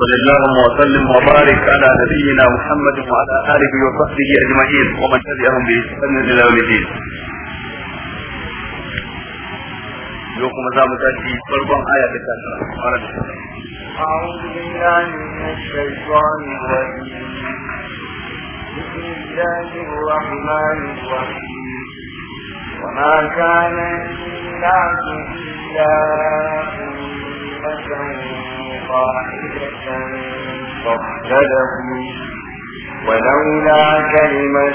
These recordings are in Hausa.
صل اللهم وسلم وبارك على نبينا محمد وعلى اله وصحبه اجمعين ومن تبعهم باحسان الى يوم الدين. يوكم زام تاتي فرقم آية تتاتي أعوذ بالله من الشيطان الرجيم بسم الله الرحمن الرحيم وما كان للناس إلا أمة صاعدا ولولا كلمة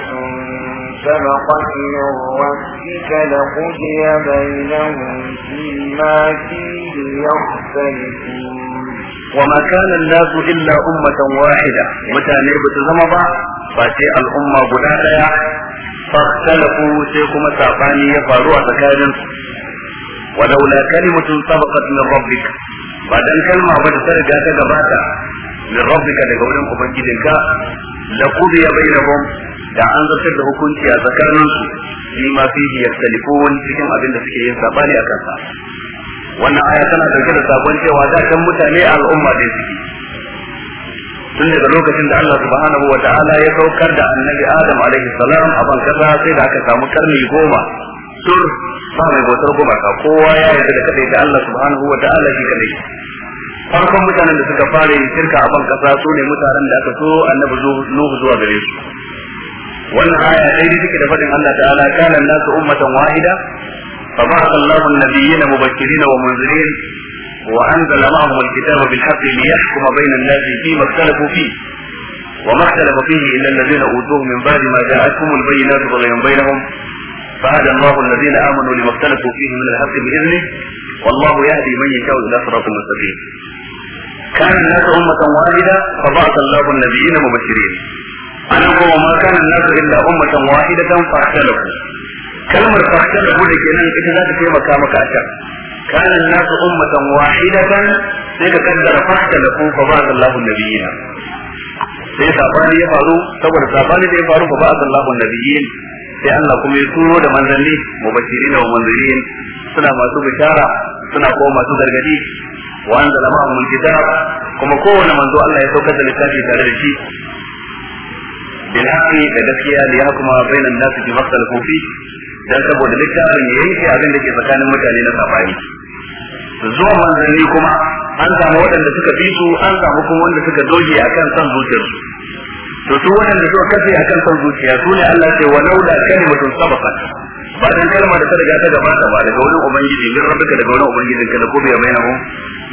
سبقت من ربك لقضي بينهم فيما فيه يختلفون وما كان الناس إلا أمة واحدة متى نربت زمضة فاتي الأمة بنادية فاختلفوا سيكم سعباني يفاروا تكاجن ولولا كلمة سبقت من ربك ba dan kalma ba da sarga ta gabata min rabbika daga wurin ka la qudiya bainahum da an zartar da hukunci a zakarin su ni ma fihi yaktalifun cikin abin da suke yin sabani a kansa wannan aya tana dauke da sabon cewa da kan mutane al'umma dai suke tun daga lokacin da Allah subhanahu wa ta'ala ya saukar da annabi Adam alaihi salam a ban sai da aka samu karni goma tur ba mai bautar gumaka kowa ya yarda da kadai da Allah subhanahu wa ta'ala shi kadai farkon mutanen da suka fara yin shirka a ban kasa su ne mutanen da aka so annabi nuhu zuwa gare su wannan aya dai ne take da fadin Allah ta'ala kana nasu ummatan wahida fa ba'atha Allahu an-nabiyyin mubashirin wa munzirin wa anzala ma'ahum al-kitaba bil haqqi liyahkuma bayna an-nasi fima ikhtalafu fihi وما اختلف فيه الا الذين اوتوه من بعد ما جاءتهم البينات بغيا بينهم فهدى الله الذين امنوا لما اختلفوا فيه من الحق باذنه والله يهدي من يشاء الى صراط مستقيم كان الناس أمة واحدة فبعث الله النبيين مبشرين أنا هو ما كان الناس إلا أمة واحدة فاختلفوا كلمة فاختلفوا لكن إذا لا تكيما كامك أشر كان الناس أمة واحدة سيتكدر فاختلفوا فبعث الله النبيين sai sabani ya faru saboda sabani da ya faru ba ba'ath Allahu nabiyyin sai Allah kuma ya turo da manzanni mubashirin wa manzanni suna masu bishara suna kuma masu gargadi wa anzala ma'ahum alkitab kuma kowanne manzo Allah ya saukar da littafi tare da shi bil haqqi da gaskiya kuma yahkuma bainan nasi bi makhtalafu fi dan saboda littafin ya yanke abin da ke tsakanin mutane na safari zuwa manzanni kuma an samu waɗanda suka bi su an samu kuma wanda suka doge akan san zuciyarsu to su da suka kafe a kan son zuciya su ne Allah ce wa laula kalimatun sabaqat ba dan kalma da ta riga ta ta ba daga wurin ubangiji din ka daga wurin ubangijin ka da ko bai nawo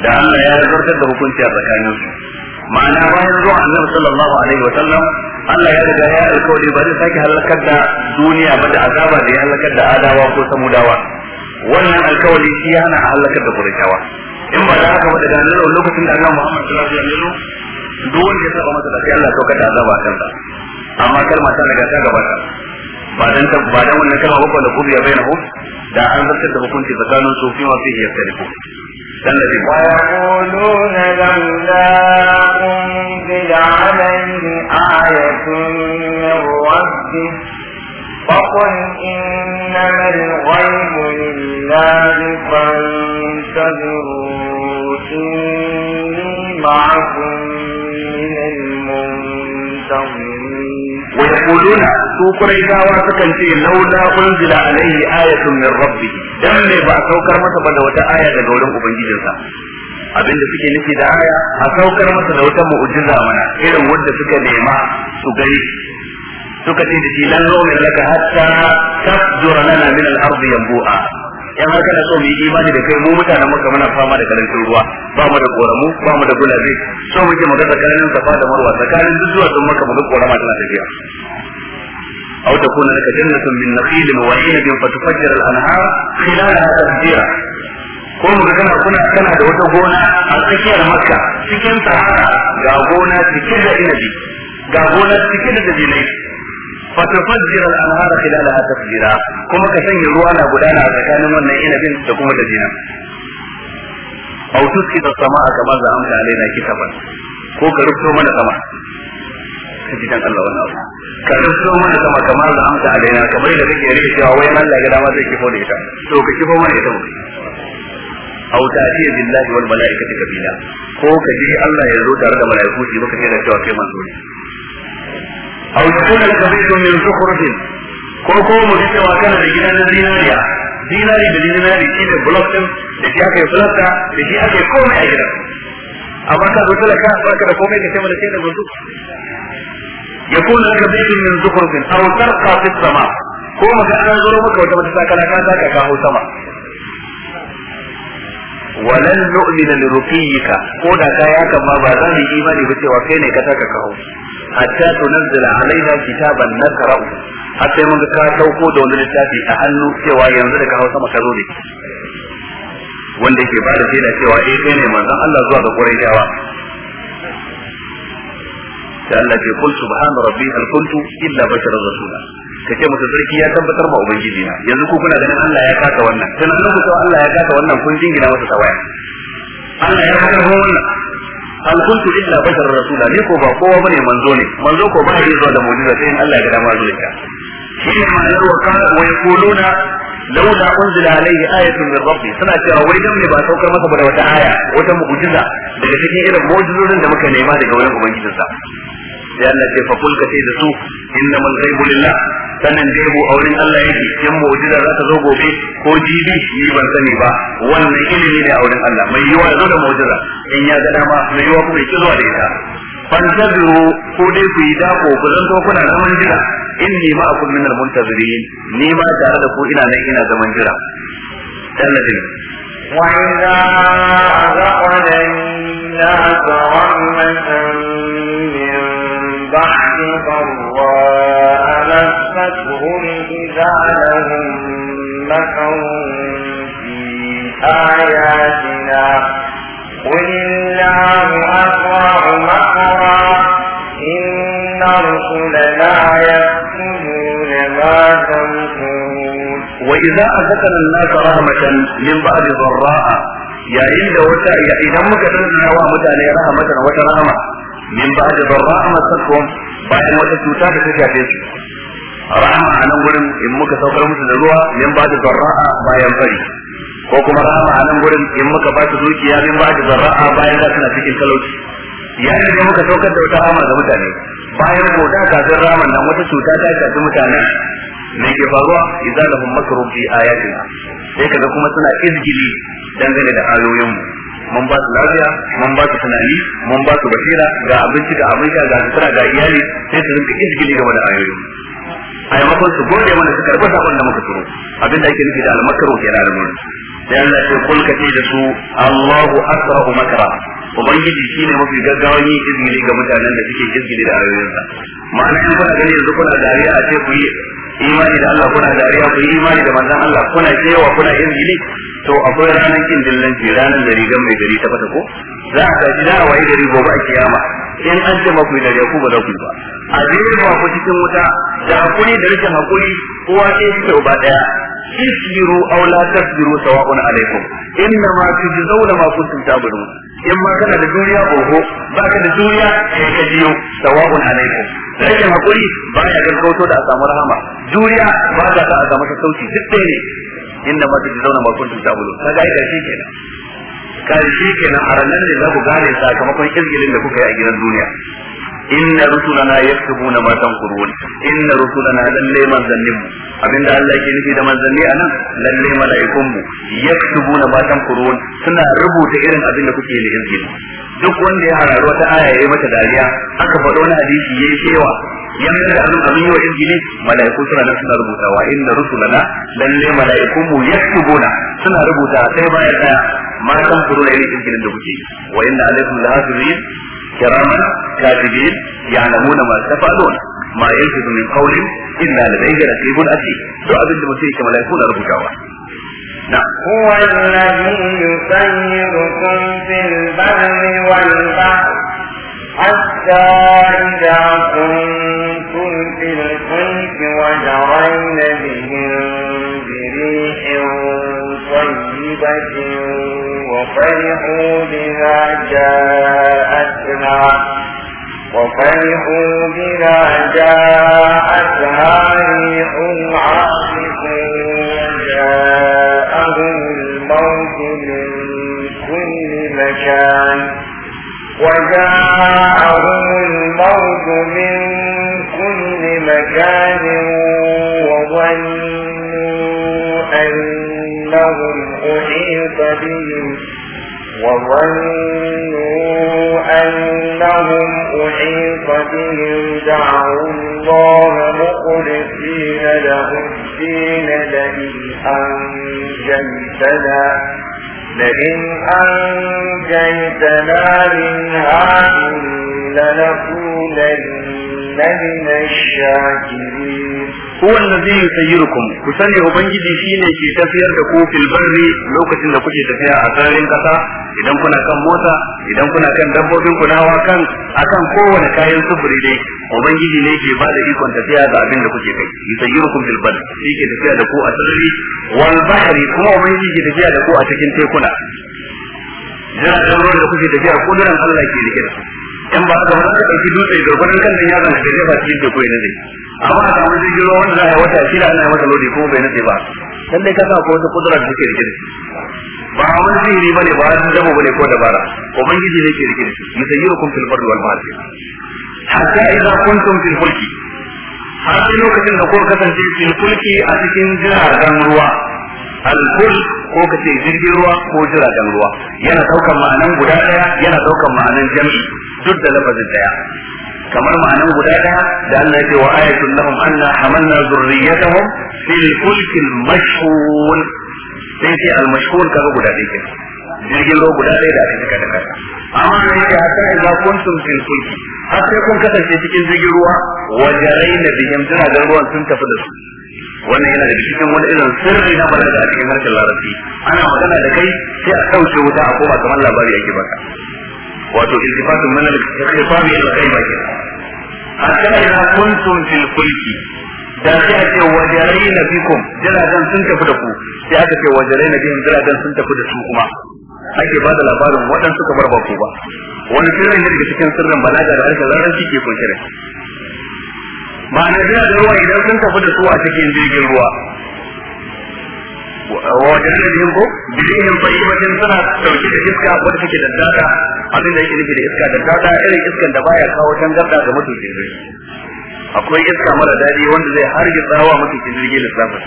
da Allah ya zartar da hukunci a tsakanin su ma'ana bayan zuwa annabi sallallahu alaihi wa sallam Allah ya riga ya alƙawari ba zai sake halakar da duniya ba da azaba da ya halakar da adawa ko samudawa wannan alƙawari shi yana halakar da kurkawa in ba da haka ba daga nan lokacin da Allah Muhammad sallallahu alaihi wa sallam duk wanda ya saba masa da sai Allah saukar da azaba kansa amma kalma ta daga ta gabata ba dan ta ba dan wannan kalma ba da kubiya bainahum da an zartar da hukunci tsakanin su fi ma fi ya tarifu dan da wa yaquluna lamma unzil alayhi ayatun min rabbih فقل إنما الغيب لله فانتظروا إني معكم wa yaquluna su quraishawa sukan ce laula unzila alaihi ayatun min rabbih dan ne ba saukar masa ba da wata aya daga wurin ubangijinsa abinda suke nufi da aya a saukar masa da wata mu'jiza mana irin wanda suka nema su gani suka ce da shi lan nu'min laka hatta tafjura lana min bu'a. in har kana so mu imani da kai mu mutanen maka muna fama da karancin ruwa ba mu da koramu ba mu da gulabe so muke mu ga tsakanin safa da marwa tsakanin duk zuwa sun maka mu ga korama tana tafiya أو تكون لك جنة من نخيل وعنب فتفجر الأنهار خلالها تفجيرا ko mu ga kana kuna kana da wata gona a tsakiyar makka cikin sahara ga gona cikin da inabi ga gona cikin da dabilai fatafajjira al-anhara khilalaha tafjira kuma ka sanya ruwa na gudana a tsakanin wannan inabin da kuma da dinan aw tuskita sama'a ko ka rufto mana sama ka ji dan Allah wannan abu ka rufto mana sama kama za amta alaina kamar da kake rike cewa wai Allah ga dama zai kifo da ita to ka kifo mana ita mu aw ta'ti billahi wal malaikati kabila ko ka ji Allah ya zo tare da malaiku shi baka ce da cewa kai manzo ne aw yakuna laka baytun min zukhrufin ko ko mu ji cewa kana da gidan zinariya zinari da zinari shi ne block din da shi aka yi fulasta da shi aka yi komai a gidan amma ka zo talaka baka da komai ka ce mana sai da gudu yakun laka baytun min zukhrufin aw tarqa fi sama ko maka an zo maka wata mata sakala ka saka hau sama walan nu'mina li ruqiyika ko da ka ya kama ba za mu imani ba cewa kai ne ka saka kawo hatta tunzila alaina kitaban nakra'u har sai mun ga ka dauko da wani littafi a hannu cewa yanzu da kawo sama ka zo ne wanda yake ba da shaida cewa eh kai ne Allah zuwa Allah ka ce masa sarki ya tabbatar ma ubangiji na yanzu ku kuna ganin Allah ya kasa wannan sannan nan ku cewa Allah ya kasa wannan kun jingina masa tawaya Allah ya kaka wannan hal kuntu illa bashar rasula ni ko ba kowa bane manzo ne manzo ko ba yi zuwa da mu'jiza sai in Allah ya ga dama zuwa ka shine ma'anar wa kana wa yaquluna laula unzila alayhi ayatun min rabbi suna cewa wai dan ne ba saukar masa ba da wata aya wata mu'jiza daga cikin irin mu'jizozin da muka nema daga wurin ubangijinsa sai Allah ce fa kulka sai da su mal ghaibu lillah sanan gaibu a wurin Allah yake yan mu'jiza za ta zo gobe ko jibi ni ban sani ba wannan ilimi ne a wurin Allah mai yiwa ya zo da mu'jiza in ya ga dama mai yiwa kuma ya zuwa da ita fantaziru ko dai ku yi dako ku zanto kuna zaman jira inni ma'akum min al-muntazirin ni ma tare da ku ina nan ina zaman jira sanadin وإذا أذقنا الناس رحمة من بعد ضراء مستهم إذا لهم مكر في آياتنا قل الله أسرع مكرا إن رسلنا يكتبون ما تنكرون وإذا أذكر الناس رحمة من بعد ضراء يا إلا وتأي إذا muka tantana رحمة mutane min ba da barra a masarkon bayan wata cuta da ta shafe su rahama a nan gurin in muka saukar musu da ruwa min ba da barra a bayan fari ko kuma rahama a nan gurin in muka ba su dukiya min ba da barra a bayan da suna cikin talauci yayin da muka saukar da wata rahama ga mutane bayan goda kafin raman nan wata cuta ta shafi mutane. me ke faruwa idan lahum makru fi ayatina sai kaga kuma suna izgili dangane da ayoyin mun ba su lafiya mun ba su tunani mun ba su basira ga abinci ga abin sha ga sutura ga iyali sai su rinka izgili game da ayoyi a makon su gode mana su karɓi sabon da muka turo abinda ake nufi da almakaru ke da mun sai Allah ce kul ce da su Allahu asra'u makara ubangiji shine mafi gaggawan yin izgili ga mutanen da suke izgili da ayoyinsa ma'ana in kuna gani yanzu kuna dariya a ce ku yi imani da Allah kuna dariya ku imani da manzon Allah kuna cewa kuna izgili to akwai ranar kin ji ranar da rigan mai gari ta fata ko za a ji da waye gari gobe a kiyama in an ce maku da ku ba za ku ba a ba ku cikin wuta da hakuri da rashin hakuri kowa sai shi ta ba daya isiru aw la tasbiru sawa'un alaikum inna ma ma kuntum ta'malun in ma kana da juriya oho ba ka da juriya sai ka biyo sawa'un alaikum ka hakuri ba ya gaggauto da a samu rahama juriya ba ta da a samu sauki duk ɗaya ne inda ma take zauna kun ta tabulu kaga ai gashi kenan karshe kenan aranan ranar ne za ku gane sakamakon izgilin da kuka yi a gidan duniya inna rusulana yaktubuna ma tanqurun inna rusulana lalle manzannin mu abinda Allah yake nufi da manzanni anan lalle malaikun mu يكتبون ما تنقرون suna rubuta irin abin da kuke lihinki duk wanda ya hararu wata aya yayi mata dariya aka faɗo wani hadisi yayi cewa yanzu da abin abin yau injili mala'iku suna nan suna rubutawa inna rusulana lalle mala'ikun mu yaktubuna suna rubuta sai bayan daya ma tanqurun irin injilin da kuke wa inna alaikum lahafizin kiraman كاذبين يعلمون ما تفعلون ما يلفظ من قول إلا لديه رقيب أتيد دو أبن المسيح كما لا يكون رب نعم هو الذي يسيركم في البر والبحر حتى إذا كنتم في الفلك وجرين بهم بريح طيبة وفرحوا بها جاءتنا وفرحوا بما جاءتها ريح عاصف جاءهم الموت من كل مكان وجاءهم الموت من كل مكان وظنوا أنهم أحيط بهم وظنوا أنهم أحيط بهم دعوا الله مخلصين له الدين لئن أنجيتنا لئن أنجيتنا من هذه لنكونن من الشاكرين هو الذي يسيركم كسني وبنجي شيني في تفير دكو في البر لوكتين da kuke tafiya a sararin kasa idan kuna kan mota idan kuna kan dabbobin ku na hawa kan akan kowane kayan sufuri dai ubangiji ne ke ba da ikon tafiya ga abin da kuke kai yi yusayyurukum fil bad shi ke tafiya da ku a sarari wal bahri kuma ubangiji tafiya da ku a cikin tekuna jiragen ruwan da kuke tafiya kudurin Allah ke da su in ba haka ba za ka ɗauki dutse gwargwadon kan nan yaron ka jefa cikin teku ya zai, amma a samu jirgin ruwa wanda za a yi wata shida ana yi masa lodi ko bai na zai ba lallai ka sa ko wata kudura da take rike da shi ba wani sihiri ba ne ba wani dabo ba ne ko dabara ubangiji ne ke rike da shi musayyirukum fil bardi wal bahri hatta idza kuntum fil fulki har sai lokacin da kuka kasance fil fulki a cikin jiragen ruwa alkul ko kace jirgin ruwa ko jiragen ruwa yana daukar ma'anan guda daya yana daukar ma'anan jami'i duk da lafazin daya kamar ma'anan guda daya da Allah ya ce wa ayatul lahum anna hamalna zurriyatahum fil fulki al mashhun sai ce al mashhun kaga guda daya ke jirgin ruwa guda daya da aka tuka da kasa amma ne ya hatta idza kuntum fil fulki har sai kun kasance cikin jirgin ruwa wa jarayna jira da ruwan sun tafi da su wannan yana da cikin wani irin sirri na balaga a cikin harshen larabci ana magana da kai sai a kauce wuta a koma kamar labari ake baka wato iltifatu min al-ikhtifam ila al-ghaiba hatta idza kuntum fil fulki da sai a ce wajarai na bikum jiragen sun tafi da ku sai aka ce wajarai na bikum jiragen sun tafi da su kuma ake ba da labarin waɗansu kamar ba ku ba wani sirrin ne daga cikin sirrin balaga da harshen larabci ke kunshe da ma'ana jiragen ruwa idan sun tafi da su a cikin jirgin ruwa wajen da biyun ko biyun fahimacin suna dauke da iska wadda take da dada abin da yake nufi da iska da dada irin iskan da baya kawo tangarda ga matukin jirgi akwai iska mara daɗi wanda zai har yi tsawa cikin jirgin lissafin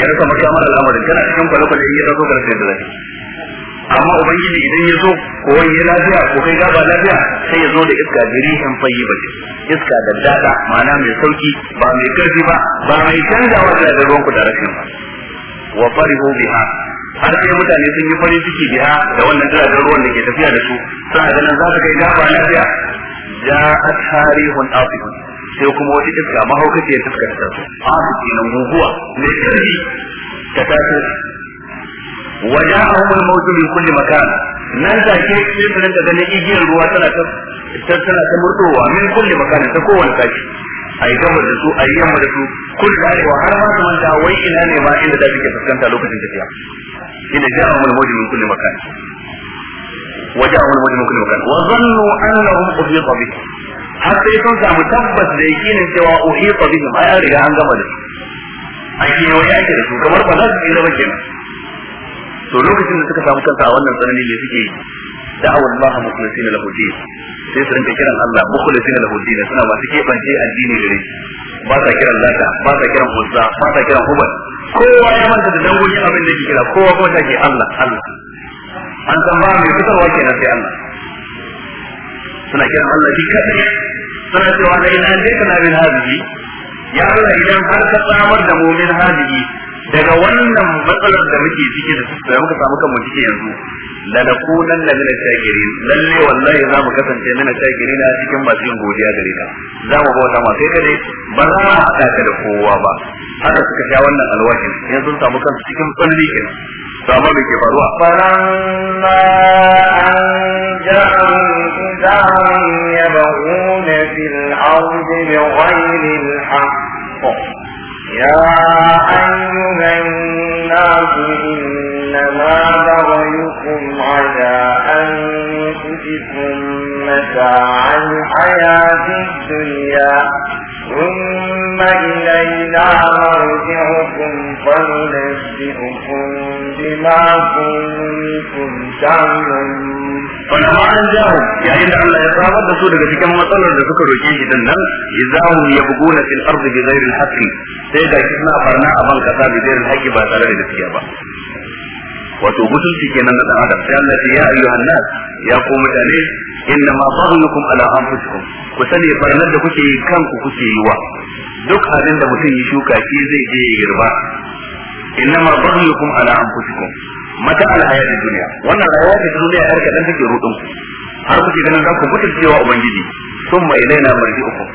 ya rasa makamar al'amarin kana cikin kwale-kwale in ya raso karshen da zai amma ubangiji idan ya zo ko wani ya lafiya ko kai gaba lafiya sai ya zo da iska jirihin fayi ba iska da dada ma'ana mai sauki ba mai ƙarfi ba ba mai canzawa da ruwan ku da rashin ba wa farihu biha har sai mutane sun yi farin ciki biha da wannan jiragen ruwan da ke tafiya da su sun ga nan za su kai gaba lafiya ja atharihun afihun sai kuma wata iska mahaukaci ya fuskar ta su afiki nan guguwa mai karfi ta taso a hukumar mawju min kulli makan nan da ke cikin da ganin igiyar ruwa tana ta tana ta murdowa min kulli makan ta kowanne kashi a yi da su a yi yamma da su kun da arewa har ma su manta wai ina ne ma inda su take fuskanta lokacin tafiya ina ja'a mun mawjin min kulli makan waja'a a mawjin min kulli makan wa zannu annahum uhita bihim har sai sun samu tabbas da yakinin cewa uhita bihim ma ya riga an gama da su an yi wani ake da su kamar ba za su yi zama kenan to lokacin da suka samu kansa a wannan tsanani ne suke yi da'aw Allah mukhlisin lahu din sai su rinka kiran Allah mukhlisin lahu din suna masu kebance addini da rai ba sa kiran lata ba sa kiran uzza ba sa kiran hubal kowa ya manta da dangogin abin da ke kira kowa ko take Allah Allah an san ba mai fitarwa kenan sai Allah suna kiran Allah shi kadai suna cewa la in anjaytana min hadhihi ya Allah idan har ka samar da mu min hadhihi daga wannan matsalar da muke ciki da muka samu kanmu ciki yanzu la nakunan da mina shakirin lalle wallahi za mu kasance mina shakirin na cikin masu yin godiya gare ka za mu bauta ma sai kare ba za a haɗa ka da kowa ba haka suka sha wannan alwashin yanzu samu kan cikin tsalli ke to amma me ke faruwa falamma an ja'u idan yabuna fil ardi bi ghayril haqq يا أيها الناس إنما بغيكم على أنفسكم متاع الحياة الدنيا ثم إلينا مرجعكم فننبئكم بما كنتم تعملون Wani ma an ja hu, yayin da Allah ya samar da su daga cikin matsalar da suka roƙe shi nan, yi za ya bugu na fil zairin haƙi, sai ga shi suna farna a ban kasa bi zairin ba tare da gaskiya ba. Wato gudun shi kenan da ɗan adam, sai Allah ce ya ayyu hanna ya ko mutane, inna ma ba hannukum ala an ku sani kuke yi kanku kuke yi wa. duk abin da mutum ya shuka shi zai je ya girba ma baghiyukum ala anfusikum mata al hayati dunya wannan rayuwar da duniya har kadan take rudun har kuke ganin za ku mutuncewa ubangiji thumma ilaina marji'ukum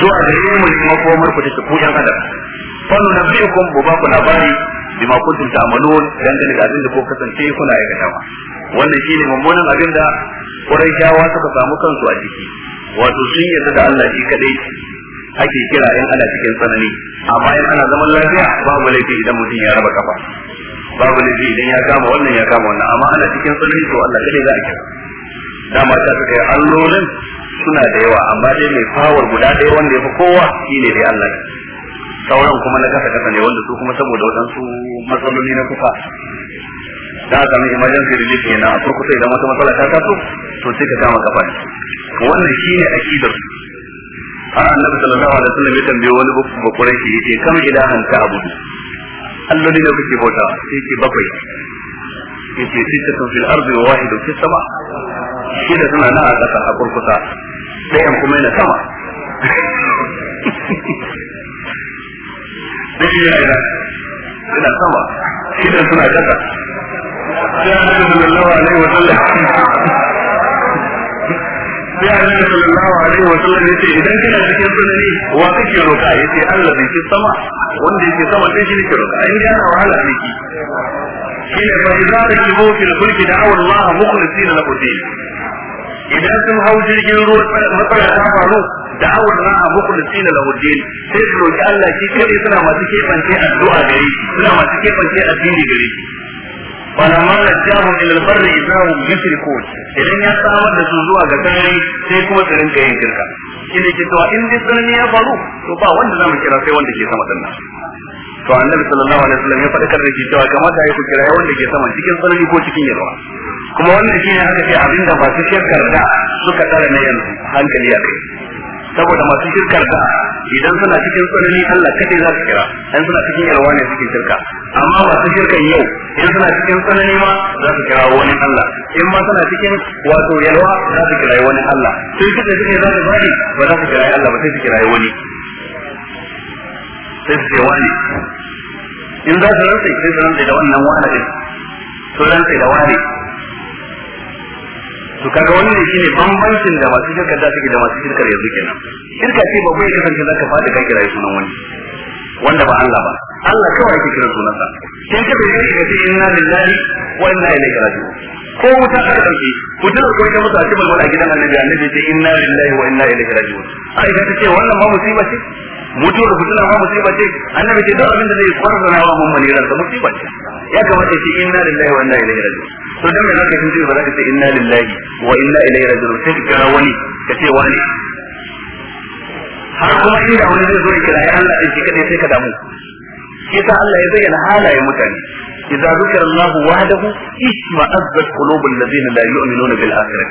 zuwa gare mu ne makomar ku take ku yan adam fannu nabiyukum bu ba ku labari ma kuntum ta'malun dangane da abin da ko kasance kuna aikatawa wannan shine mummunan abin da Qurayshawa suka samu kansu a ciki wato sun yarda da Allah shi kadai ake kira in ana cikin tsanani amma in ana zaman lafiya babu laifi idan mutum ya raba kafa babu laifi idan ya kama wannan ya kama wannan amma ana cikin tsanani to Allah kade za a kira dama ta suka yi allolin suna da yawa amma dai mai fawar guda ɗaya wanda ya fi kowa shine dai Allah sauran kuma na kasa kasa ne wanda su kuma saboda waɗansu matsaloli na kufa da aka mai emergency relief na a kurkusa idan wata matsala ta taso to sai ka kama kafa wannan shine akidar su har annabi sallallahu alaihi wasallam ya tambaye wani bakwai shi yake kam ilahan ta abudu alloli da kuke bauta sai ke bakwai yake sittatu fil ardi wa wahidu fis sama shida suna nan a kasa a kurkusa ɗayan kuma yana sama duk yana Ina yana sama shida suna kasa sai annabi sallallahu alaihi wasallam sai annabi sallallahu alaihi wa sallam yace idan kana cikin sunani wa kake roka yace Allah zai ci sama wanda yake sama sai shi ne roƙa. in yana wahala ne ki shine fa idza rakibu fil fulki da'a Allah mukhlisin lahu din idan sun hau jirgin ruwa matsala ta faru da'awar na a mukhlisina lahu din sai su roki Allah shi kare suna masu kebance addu'a gare shi suna masu kebance addini gare shi falamma najjahum ila ilal barri idahum yushrikun idan ya samar da su zuwa ga sarari sai kuma su rinka yin shirka shine ke to in dai sarari ya faru to ba wanda zamu kira sai wanda ke sama dinnan to annabi sallallahu alaihi wasallam ya faɗa kan rake cewa kamata ya ku kira wanda ke sama cikin sarari ko cikin yalwa kuma wannan shine aka ce abinda su shirkar da suka tsara na yanzu hankali ya kai saboda masu shirkar da idan suna cikin tsanani Allah kake za su kira idan suna cikin yarwa ne suke shirka amma masu shirkan yau idan suna cikin tsanani ma za su kira wani Allah in ma suna cikin wato yarwa za su kira wani Allah sai kida suke za su bari ba za su kira Allah ba sai su kira wani sai su ce wani in za su rantsa sai su rantsa da wannan wani to rantsa da wani to kaga wannan shine bambancin da masu shirka da suke da masu shirkar yanzu kenan shirka ce babba yake kasance zaka fada ka kira sunan wani wanda ba Allah ba Allah kawai yake kira sunansa sai ka bai kai ka inna lillahi wa inna ilaihi raji'un ko wuta aka dauke ku da ko ta mutu a cikin gidan annabi annabi ce inna lillahi wa inna ilaihi raji'un ai ka ce wannan ma musiba ce mutuwar fitina ma musiba ce annabi ce duk abin da zai kwarrana wa mun ne ran musiba ce ya kamata ce inna lillahi wa inna ilaihi raji'un to dan me zaka tunji ba zaka ce inna lillahi wa inna ilaihi raji'un sai ka kira wani ka ce wani har kuma shi da wani zai zo ya kira ya Allah shi kadai sai ka damu yasa Allah ya zayyana halaye mutane idza zukira Allah wahdahu isma azbat qulubul ladina la yu'minuna bil akhirah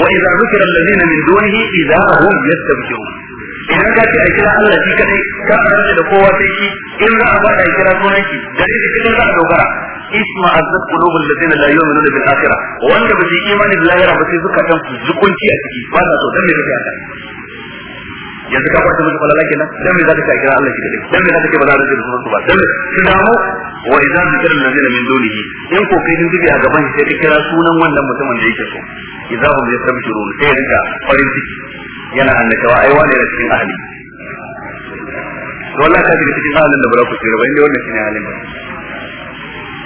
wa idza zukira alladhina min dunihi idza hum yastabshirun idan ka ce a kira Allah shi kadai ka arda da kowa sai shi in za a bada kira sunan shi da shi kadai za a dogara isma azzat qulubul ladina la yu'minuna bil akhirah wanda ba su imani da lahira ba sai suka dan su zukunci a ciki ba sa so dan me zai haka yanzu ka kwata musu falala kenan dan me zaka kira Allah shi da dai dan me ta kai ba za ka ce musu ba dan ki damu wa idan zikr ladina min dunihi in ko kai din dubi a gaban shi sai ka kira sunan wannan mutumin da yake so idan hum yastabshirun sai rinka farin ciki yana annakawa ai wani da cikin ahli to wallahi ka ji cikin halin da ba za ku tsira ba inda wannan shine halin ba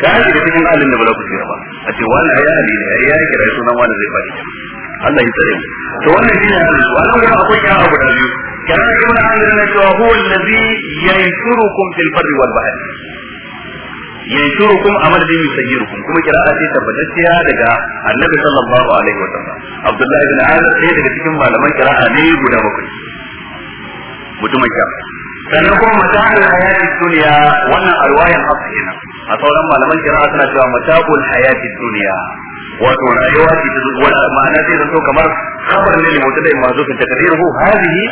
ka yi da cikin alin da ba za ku tsira ba a ce wani ayi hali ne ayi ya kira sunan wani zai faɗi Allah ya tsare mu to wannan shine hadisi wannan wani akwai ya abu da biyu kana kuma Allah na cewa huwa allazi yansurukum fil barri wal bahri yansurukum amal bi yusayyirukum kuma kira'a ce tabbatacciya daga annabi sallallahu alaihi wa sallam Abdullah ibn Azib sai daga cikin malaman kira'a ne guda bakwai mutumin kyau sannan kuma mata'al hayatid dunya wannan alwayan hafsa kenan a sauran malaman kira'a suna cewa mataqul hayati dunya wato rayuwa ce ta zuwa ma'ana zai zanto kamar kamar ne mutum da ta kan hu hadhihi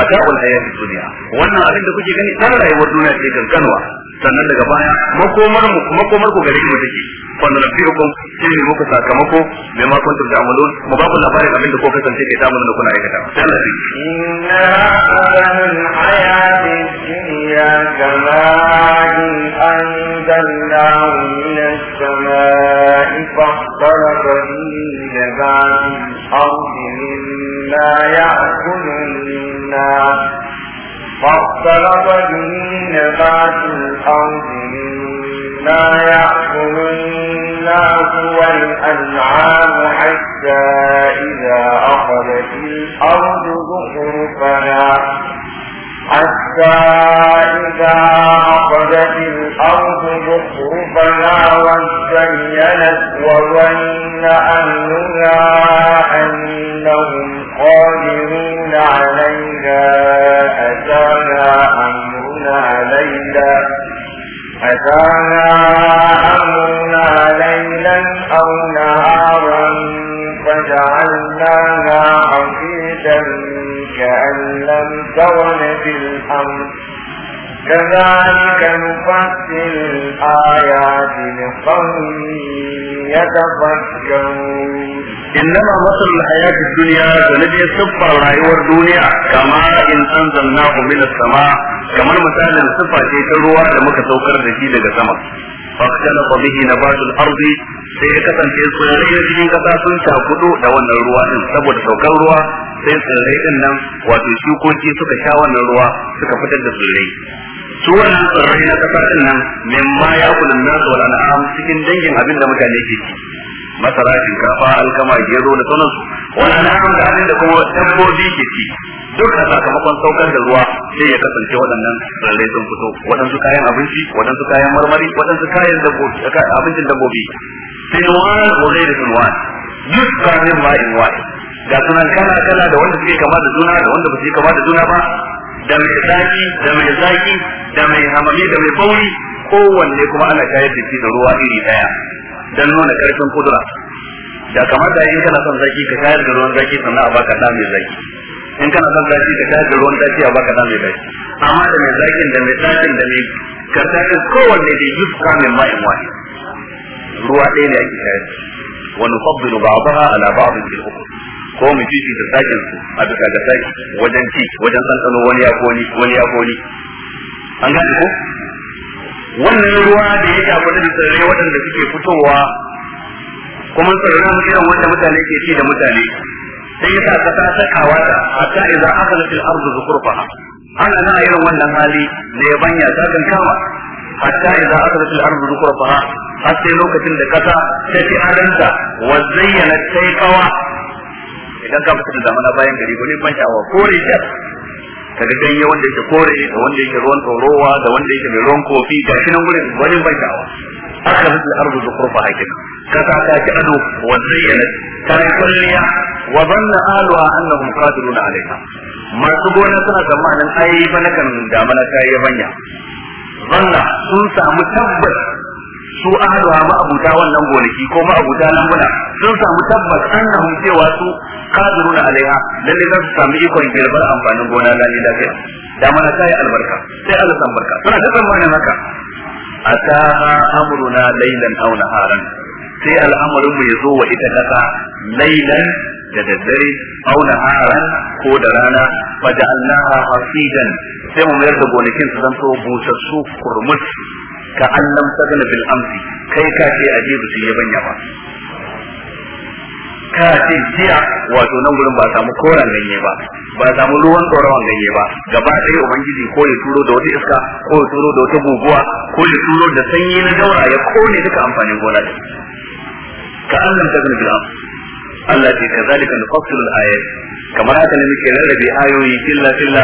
mataqul hayati dunya wannan abin da kuke gani tsara rayuwar duniya ce kankanwa sannan daga baya makomar mu makomar ku gari mu take Wannan na fi hukum shi ne muku sakamako me ma kuntum da amalon mu ba ku labarin abin da ko kasance ke samun da kuna aikata sallallahu inna al hayati dunya kamar يتفكرون إنما مثل الحياة الدنيا سنجي صفة رايور دنيا كما إن أنزلناه من السماء كما مثال صفة شيء الروا لما كتوكر رشيد السماء فاختلط به نبات الأرض sai ya kasance tsirrai na cikin kasa sun cakudu da wannan ruwa din saboda saukar ruwa sai tsirrai din nan wato shukoki suka sha wannan ruwa suka fitar da tsirrai su wannan tsirrai na kasa din nan min ma ya kulun nasu wal an'am cikin dangin abin da mutane ke ci masara shinkafa alkama gero da sauransu wal an'am da abin da kuma dabbobi ke ci duk a sakamakon saukar da ruwa sai ya kasance waɗannan tsirrai sun fito waɗansu kayan abinci waɗansu kayan marmari waɗansu kayan abincin dabbobi sinwan ko zai da sinwan duk kayan ma'in wa'i ga sunan kala kala da wanda suke kama da juna da wanda ba su kama da juna ba da mai zaki da mai zaki da mai hamami da mai bauri kowanne kuma ana shayar da shi da ruwa iri daya dan nuna karfin kudura da kamar da in kana son zaki ka shayar da ruwan zaki sannan a baka da mai zaki in kana son zaki ka shayar da ruwan zaki a baka da mai zaki amma da mai zakin da mai zakin da mai ko kowanne da yufka min mai mai ruwa ɗaya ne ake shayar wa nufaddilu ba'daha ala ba'd fil ukhra ko mu ji da sakin su a duka da saki wajen ci wajen tsantsano wani ya koni wani ya koni an gane ko wannan ruwa da ya shafi da tsirrai waɗanda suke fitowa kuma mu irin wanda mutane ke ci da mutane sai yasa ka ta sakawa ta hatta idza akhadhat al-ardu zukhrufaha ana na irin wannan hali da ya banya ta kan kama hatta idza akhadhat al-ardu zukhrufaha har sai lokacin da kasa ta ci adanta wa zayyana sai kawa idan ka fita da mana bayan gari gari ban sha'awa kore ka kaga ganye wanda yake kore da wanda yake ruwan tsorowa da wanda yake mai ruwan kofi ga shi nan gurin gwanin ban sha'awa aka da arzu da kurfa hakin ka ta ka ji ado wa zayyana ta yi kulliya wa zanna aluha annahum na alaiha masu gona suna tsammanin ai banakan damana ta yi banya zanna sun samu tabbas su ahaduha ma'abuta wannan gonaki ko ma'abuta lambuna sun samu tabbas annahum cewa su kadiruna alaiha lalle za su samu ikon girbar amfanin gona lalle lafiya da mana sai albarka sai Allah san barka suna da wannan haka ata amruna laylan aw naharan sai al'amarin mu yazo wa ita kasa laylan da daddare aw naharan ko da rana fa ja'alnaha hasidan sai mu mayar da gonakin su zanto busassu kurmus ka an lam tagana bil amsi kai ka ce a aje su yi banya ba ka ce jiya wato nan gurin ba samu koran ganye ba ba samu ruwan tsoron ganye ba gaba ɗaya ubangiji ko ya turo da wata iska ko ya turo da wata guguwa ko ya turo da sanyi na daura ya kone duka amfanin gona da ka an lam tagana bil amsi Allah ce kazalika nufassilul ayat kamar haka ne muke rarrabe ayoyi filla filla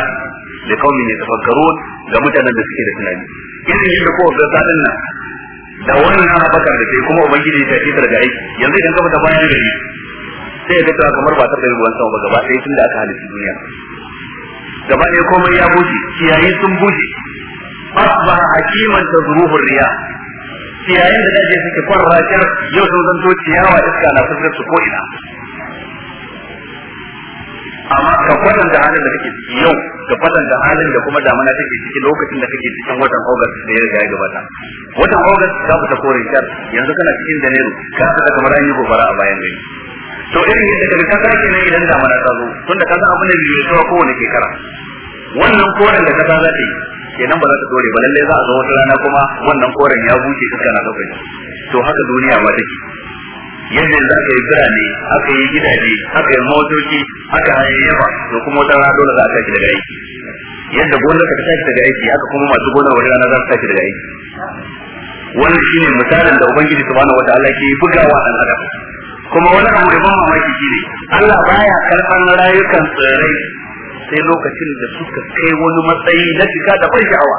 da kaumin tafakkaru ga mutanen da suke da tunani irin yadda ko ga zaɗin nan da wannan haɓakar da kai kuma ubangiji ta ce daga aiki yanzu idan ka fita bayan gari sai ya ga kamar ba ta bai ruwan sama ba gaba ɗaya tun da aka halitta duniya gaba ɗaya komai ya bushe ciyayi sun bushe asbaha hakiman tazruhur riya ciyayin da dace suke kwarra yau sun zanto ciyawa iska na fuskar su ko ina amma ka kwatanta halin da kake ciki yau ka kwatanta halin da kuma damana take ciki lokacin da kake cikin watan August da ya riga ya gabata watan August ka fita kore shar yanzu kana cikin Janairu ka fita kamar an yi gobara a bayan gani to irin yadda ka ka sake ne idan damana ta zo tunda ka san abin da bai kawo kowane shekara wannan koren da kasa za ta yi kenan ba za ta dore ba lallai za a zo wata rana kuma wannan koren ya buce iska na ɗaukar to haka duniya ma take yadda yanzu aka yi birane aka yi gidaje aka yi motoci aka hanyar yawa to kuma wata rana dole za a tashi daga aiki yadda gonar ka tashi daga aiki aka kuma masu gonar wani rana za su tashi daga aiki wannan shine misalin da ubangiji su wata wataala ke bugawa dan adam kuma wani abu da ban mamaki shine Allah baya karban rayukan tsirrai sai lokacin da suka kai wani matsayi na cika da ban sha'awa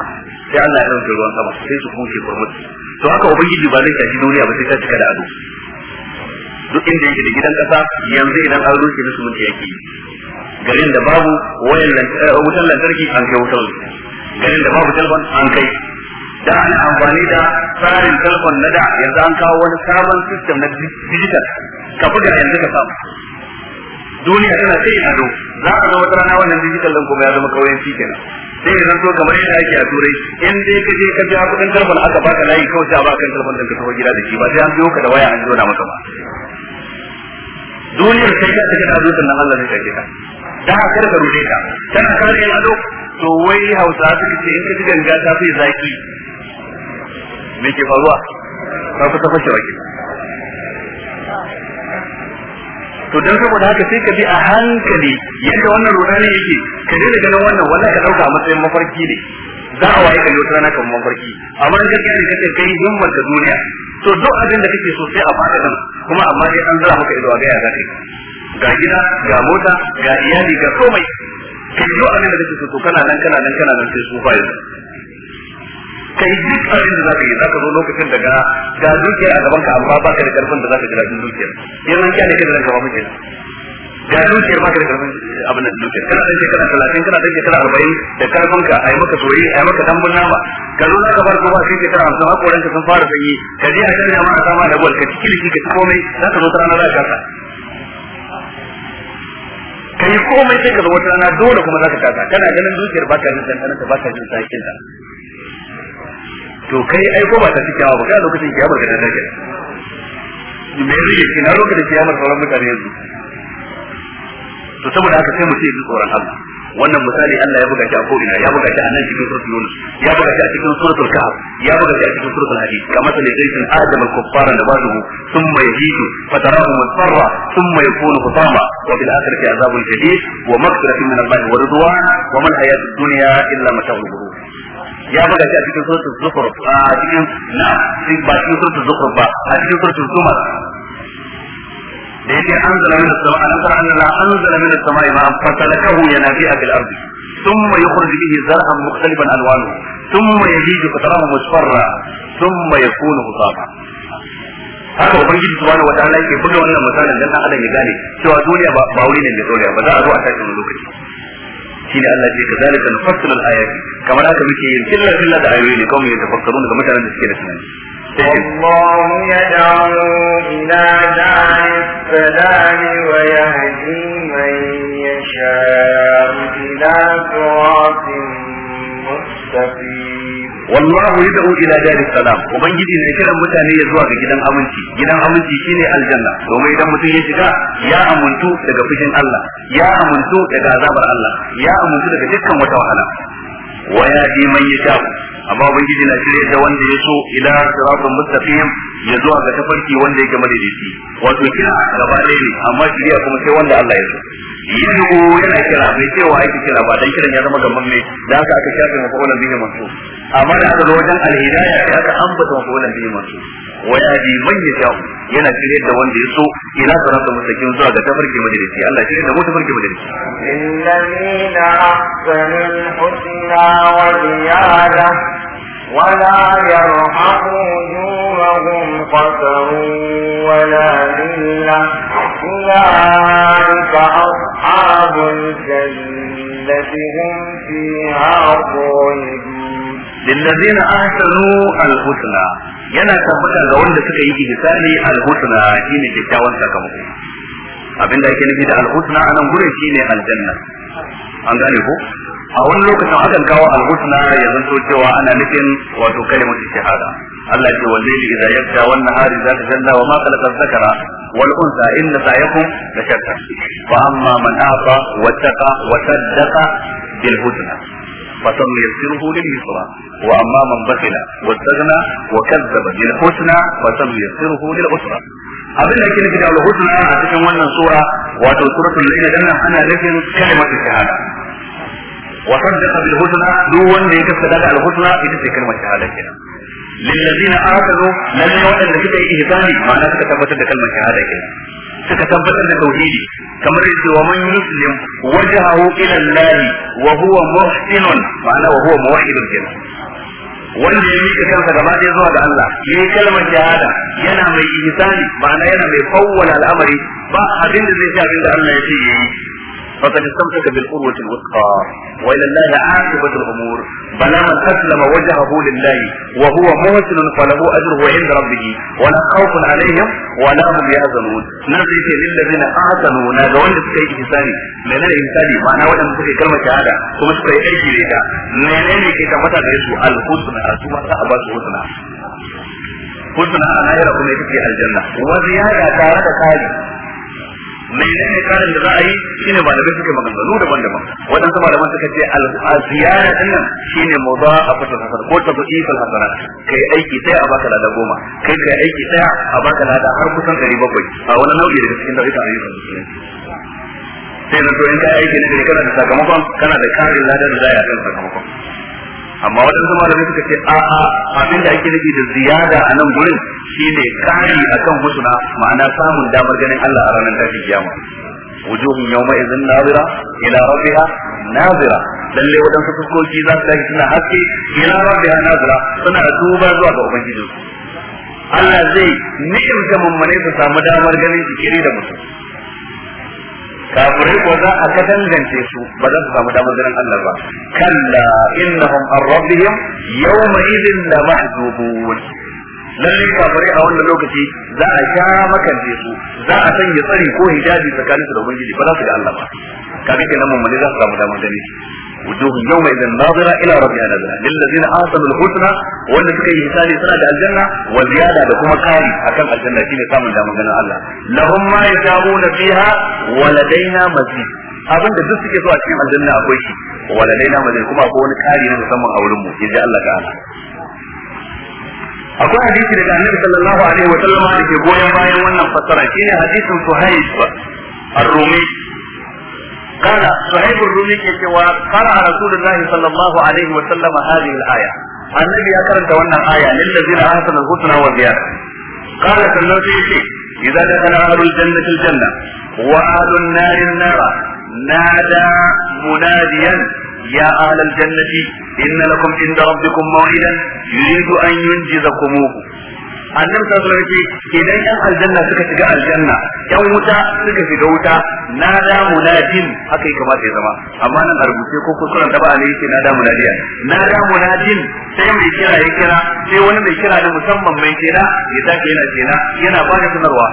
sai Allah ya dauke ruwan sama sai su ke kurmutu to haka ubangiji ba zai kashi duniya ba sai ta cika da ado duk inda yake da gidan kasa yanzu idan an rushe na sumunci yake garin da babu wayan eh, wutan lantarki an kai wutan garin da babu telefon an kai da an amfani da tsarin telefon na da yanzu an kawo wani sabon system na digital ka buga yanzu ka samu duniya tana sai ado za a zama rana wannan digital din kuma ya zama kawai shi kenan sai ya zanto kamar yadda ake a turai in dai ka je ka ja kudin karfan aka baka layi kawai sai a baka karfan din ka tafi gida da shi ba sai an biyo ka da waya an jona maka ba duniyar sai ka tafi da ado sannan Allah zai kake ka da haka da rude ka tana kawai yin ado to wai Hausa suka ce in ka ji ganga ta fi zaki me ke faruwa ta kusa fashe baki to dan saboda haka sai ka bi a hankali yadda wannan rudani yake ka je da ganin wannan wannan ka dauka a matsayin mafarki ne za a waye ka lotar naka mafarki amma in gaskiya ne ka kai himmar ka duniya to duk abin da kake so sai a baka dan kuma amma dai an zara maka ido a gaya za ga gida ga mota ga iyali ga komai kai duk abin da kake so kana nan kana nan kana nan sai su fa kai duk abin da zaka yi zaka zo lokacin da ga ga duke a gaban ka amma baka da karfin da zaka ji dadin dukiyar yanzu an kyale kida ranka ba muke ga ba ka da karfin abin da dukiyar kana dan shekara 30 kana dan shekara 40 da karfin ka ai maka soyi ai maka tambun nama ka zo zaka bar zuwa sai shekara 50 hakoran ka sun fara sanyi ka je a tare ma a sama da gwal ka cikin ki ka komai zaka zo tsara na zaka ka ka yi komai sai ka zo wata rana dole kuma zaka kasa kana ganin dukiyar ba ka jin dan ta ba ka jin sakin to kai ai ko ba ta ci kyawa ba kai lokacin kiyamar ka dan rage me yake ki na lokacin kiyamar sauran mutane yanzu to saboda haka sai mu ce ji tsoron Allah wannan misali Allah ya buga shi a ko'ina ya buga shi a nan cikin suratul yunus ya buga shi a cikin suratul kahf ya buga shi a cikin suratul hadid kamar sai dai sun adam al kuffara da bazuhu thumma yajidu fatarahu musfarra thumma yakunu hutama wa bil akhirati azabun shadid wa maghfiratun min Allah wa ridwan wa mal hayatud dunya illa mata'ul ghurur ya buga shi a cikin suratul zukhruf a cikin na ba cikin suratul zukhruf ba a cikin suratul zumar da yake anzala min as-sama'i anzala anna anzala min as-sama'i ma'an fasalakahu yanabi'a fil ardi ثم يخرج به زرعا مختلفا الوانه ثم يبيج فتراه مصفرا ثم يكون حطاما haka ubangiji subhanahu wa ta'ala yake buga wannan misalin dan adam ya gane cewa duniya ba wuri ne mai dorewa ba za a zo a tashi lokaci shine Allah ya kazalika nufassilu al-ayati kamar haka muke yin killa killa da ayoyi ne kuma ya tafakkaru da mutanen da suke da tunani والله يدعو إلى دار السلام ويهدي من يشاء إلى صراط والله يدعو الى دار السلام ubangiji ne kiran mutane ya zuwa ga gidan aminci gidan aminci shine aljanna domin idan mutum ya shiga ya amuntu daga fushin Allah ya amuntu daga azabar Allah ya amuntu daga dukkan wata wahala wa ya di man yasha amma ubangiji na shirye da wanda ya so ila siratul mustaqim ya zuwa ga tafarki wanda yake madaidaici wato kira gaba ɗaya ne amma shirya kuma sai wanda Allah ya so yadu yana kira bai cewa yake kira ba dan kiran ya zama gaban ne da haka aka shafe mafaulan biyu mansu amma da aka zo wajen alhidaya ya aka ambata mafaulan bihi mansu Waya yadi manya yasha yana kire da wanda ya so ila sarata mutakin zuwa ga tafarki madalici Allah kire da mu tafarki madalici innamina ahsanul husna wa ziyada ولا يرحق وجوههم قتر ولا ذلة أولئك أصحاب أصحاب الجنة هم فيها خالدون للذين أحسنوا الحسنى yana tabbata ga wanda suka yi ihsani alhusna shine kyakkyawan sakamako abinda ake nufi da alhusna anan gurin shine aljanna an gane ko a wani lokacin hakan kawo alhusna ya zanto cewa ana nufin wato kalimatu shahada Allah ce wallahi idza yakka wan nahari za ta jalla wa ma khalaqa dhakara wal unsa inna sa'yakum la shatta wa amma man afa wa taqa wa saddaqa bil hudna فسنيسره لليسرى واما من بخل واستغنى وكذب بالحسنى فسنيسره للعسرى abin da ake nufi da alhusna a cikin wannan sura wato suratul layl dan nan ana nufin kalmar shahada wa saddaqa bil husna duk wanda ya kaskata da alhusna ita ce kalmar shahada kenan lillazina ahsanu lalle waɗanda suka yi ihsani ma'ana suka tabbatar da kalmar shahada kenan suka tabbatar da tauhidi kamar yadda wa man yuslim wajhahu ila Allah wa huwa muhsinun ma'ana wa huwa muwahhidun kenan wanda ya mika kansa gaba ɗaya zuwa ga Allah yayi kalmar shahada yana mai ihsani ma'ana yana mai fawwala al'amari ba abin da zai ci abin da Allah ya ce yayi فقد استمسك بالقوة الوثقى وإلى الله عاقبة الأمور بلا من أسلم وجهه لله وهو محسن فله أجره عند ربه ولا خوف عليهم ولا هم يحزنون نزل للذين أحسنوا نادى لسكي إحساني من الإنسان معنى وين سكي كلمة شهادة كما أي شيء لك من كي تمتع بيسو الحسنى ثم تأبس حسنى حسنى أنا يرى كم يتكي الجنة وزيادة تارة تاري menene karin da za a yi shine malamai suke maganganu daban-daban waɗansu malaman suka ce al-ziyara din nan shine mudha'afatu hasan ko tadhifal hasara kai aiki sai a baka lada goma kai kai aiki sai a baka lada har kusan 700 a wani nau'i daga cikin nau'ikan ayyukan sai na to in kai aiki ne kana da sakamakon kana da karin ladan da za a yi sakamakon amma zama da suka ce a a abin da ake nufi da ziyada a nan gurin shi shine kari akan husna ma'ana samun damar ganin Allah a ranar tashin kiyama wujuhun yawma idhin nazira ila rabbiha nazira lalle waɗansu fuskoki za su tashi suna haske ila rabbiha nazira suna duba zuwa ga ubangiji Allah zai ni'imta mummune su samu damar ganin shi da mutum kafirai ko za a ka dangance su ba za su samu damar ganin Allah ba kalla innahum an rabbihim yawma idhin la mahjubun lalle kafirai a wannan lokaci za a sha makance su za a sanya tsari ko hijabi tsakanin su da ubangiji ba za su ga Allah ba kaga kenan mun ne za su samu damar ganin وجوه يومئذ ناظرة إلى ربها ناظرة للذين آتوا الحسنى وأن سكي يسالي سنة الجنة وزيادة بكم كاري أكم الجنة كيف سامن دام جنة الله لهم ما يشاءون فيها ولدينا مزيد abin da duk suke so a cikin aljanna akwai shi wala dai na mazin kuma akwai wani kari na musamman a wurin mu yaji Allah ta'ala akwai hadisi daga annabi sallallahu alaihi wa sallam da ke goyon bayan wannan fassara shine hadisin suhaib ar-rumi قال صحيح الرومي كي قال رسول الله صلى الله عليه وسلم هذه الآية النبي أكرمت تونا الآية للذين آتنا الحسنى والزيادة قال صلى إذا دخل أهل الجنة الجنة وأهل النار النار نادى مناديا يا أهل الجنة إن لكم عند ربكم موعدا يريد أن ينجزكموه annabi sallallahu alaihi ce idan yan aljanna suka shiga aljanna yan wuta suka shiga wuta na da munadin haka ya kamata ya zama amma nan a rubuce ko kuskuren taba ne yake na da munadiya na da munadin sai mai kira ya kira sai wani mai kira ne musamman mai kira ya take yana kira yana ba da sanarwa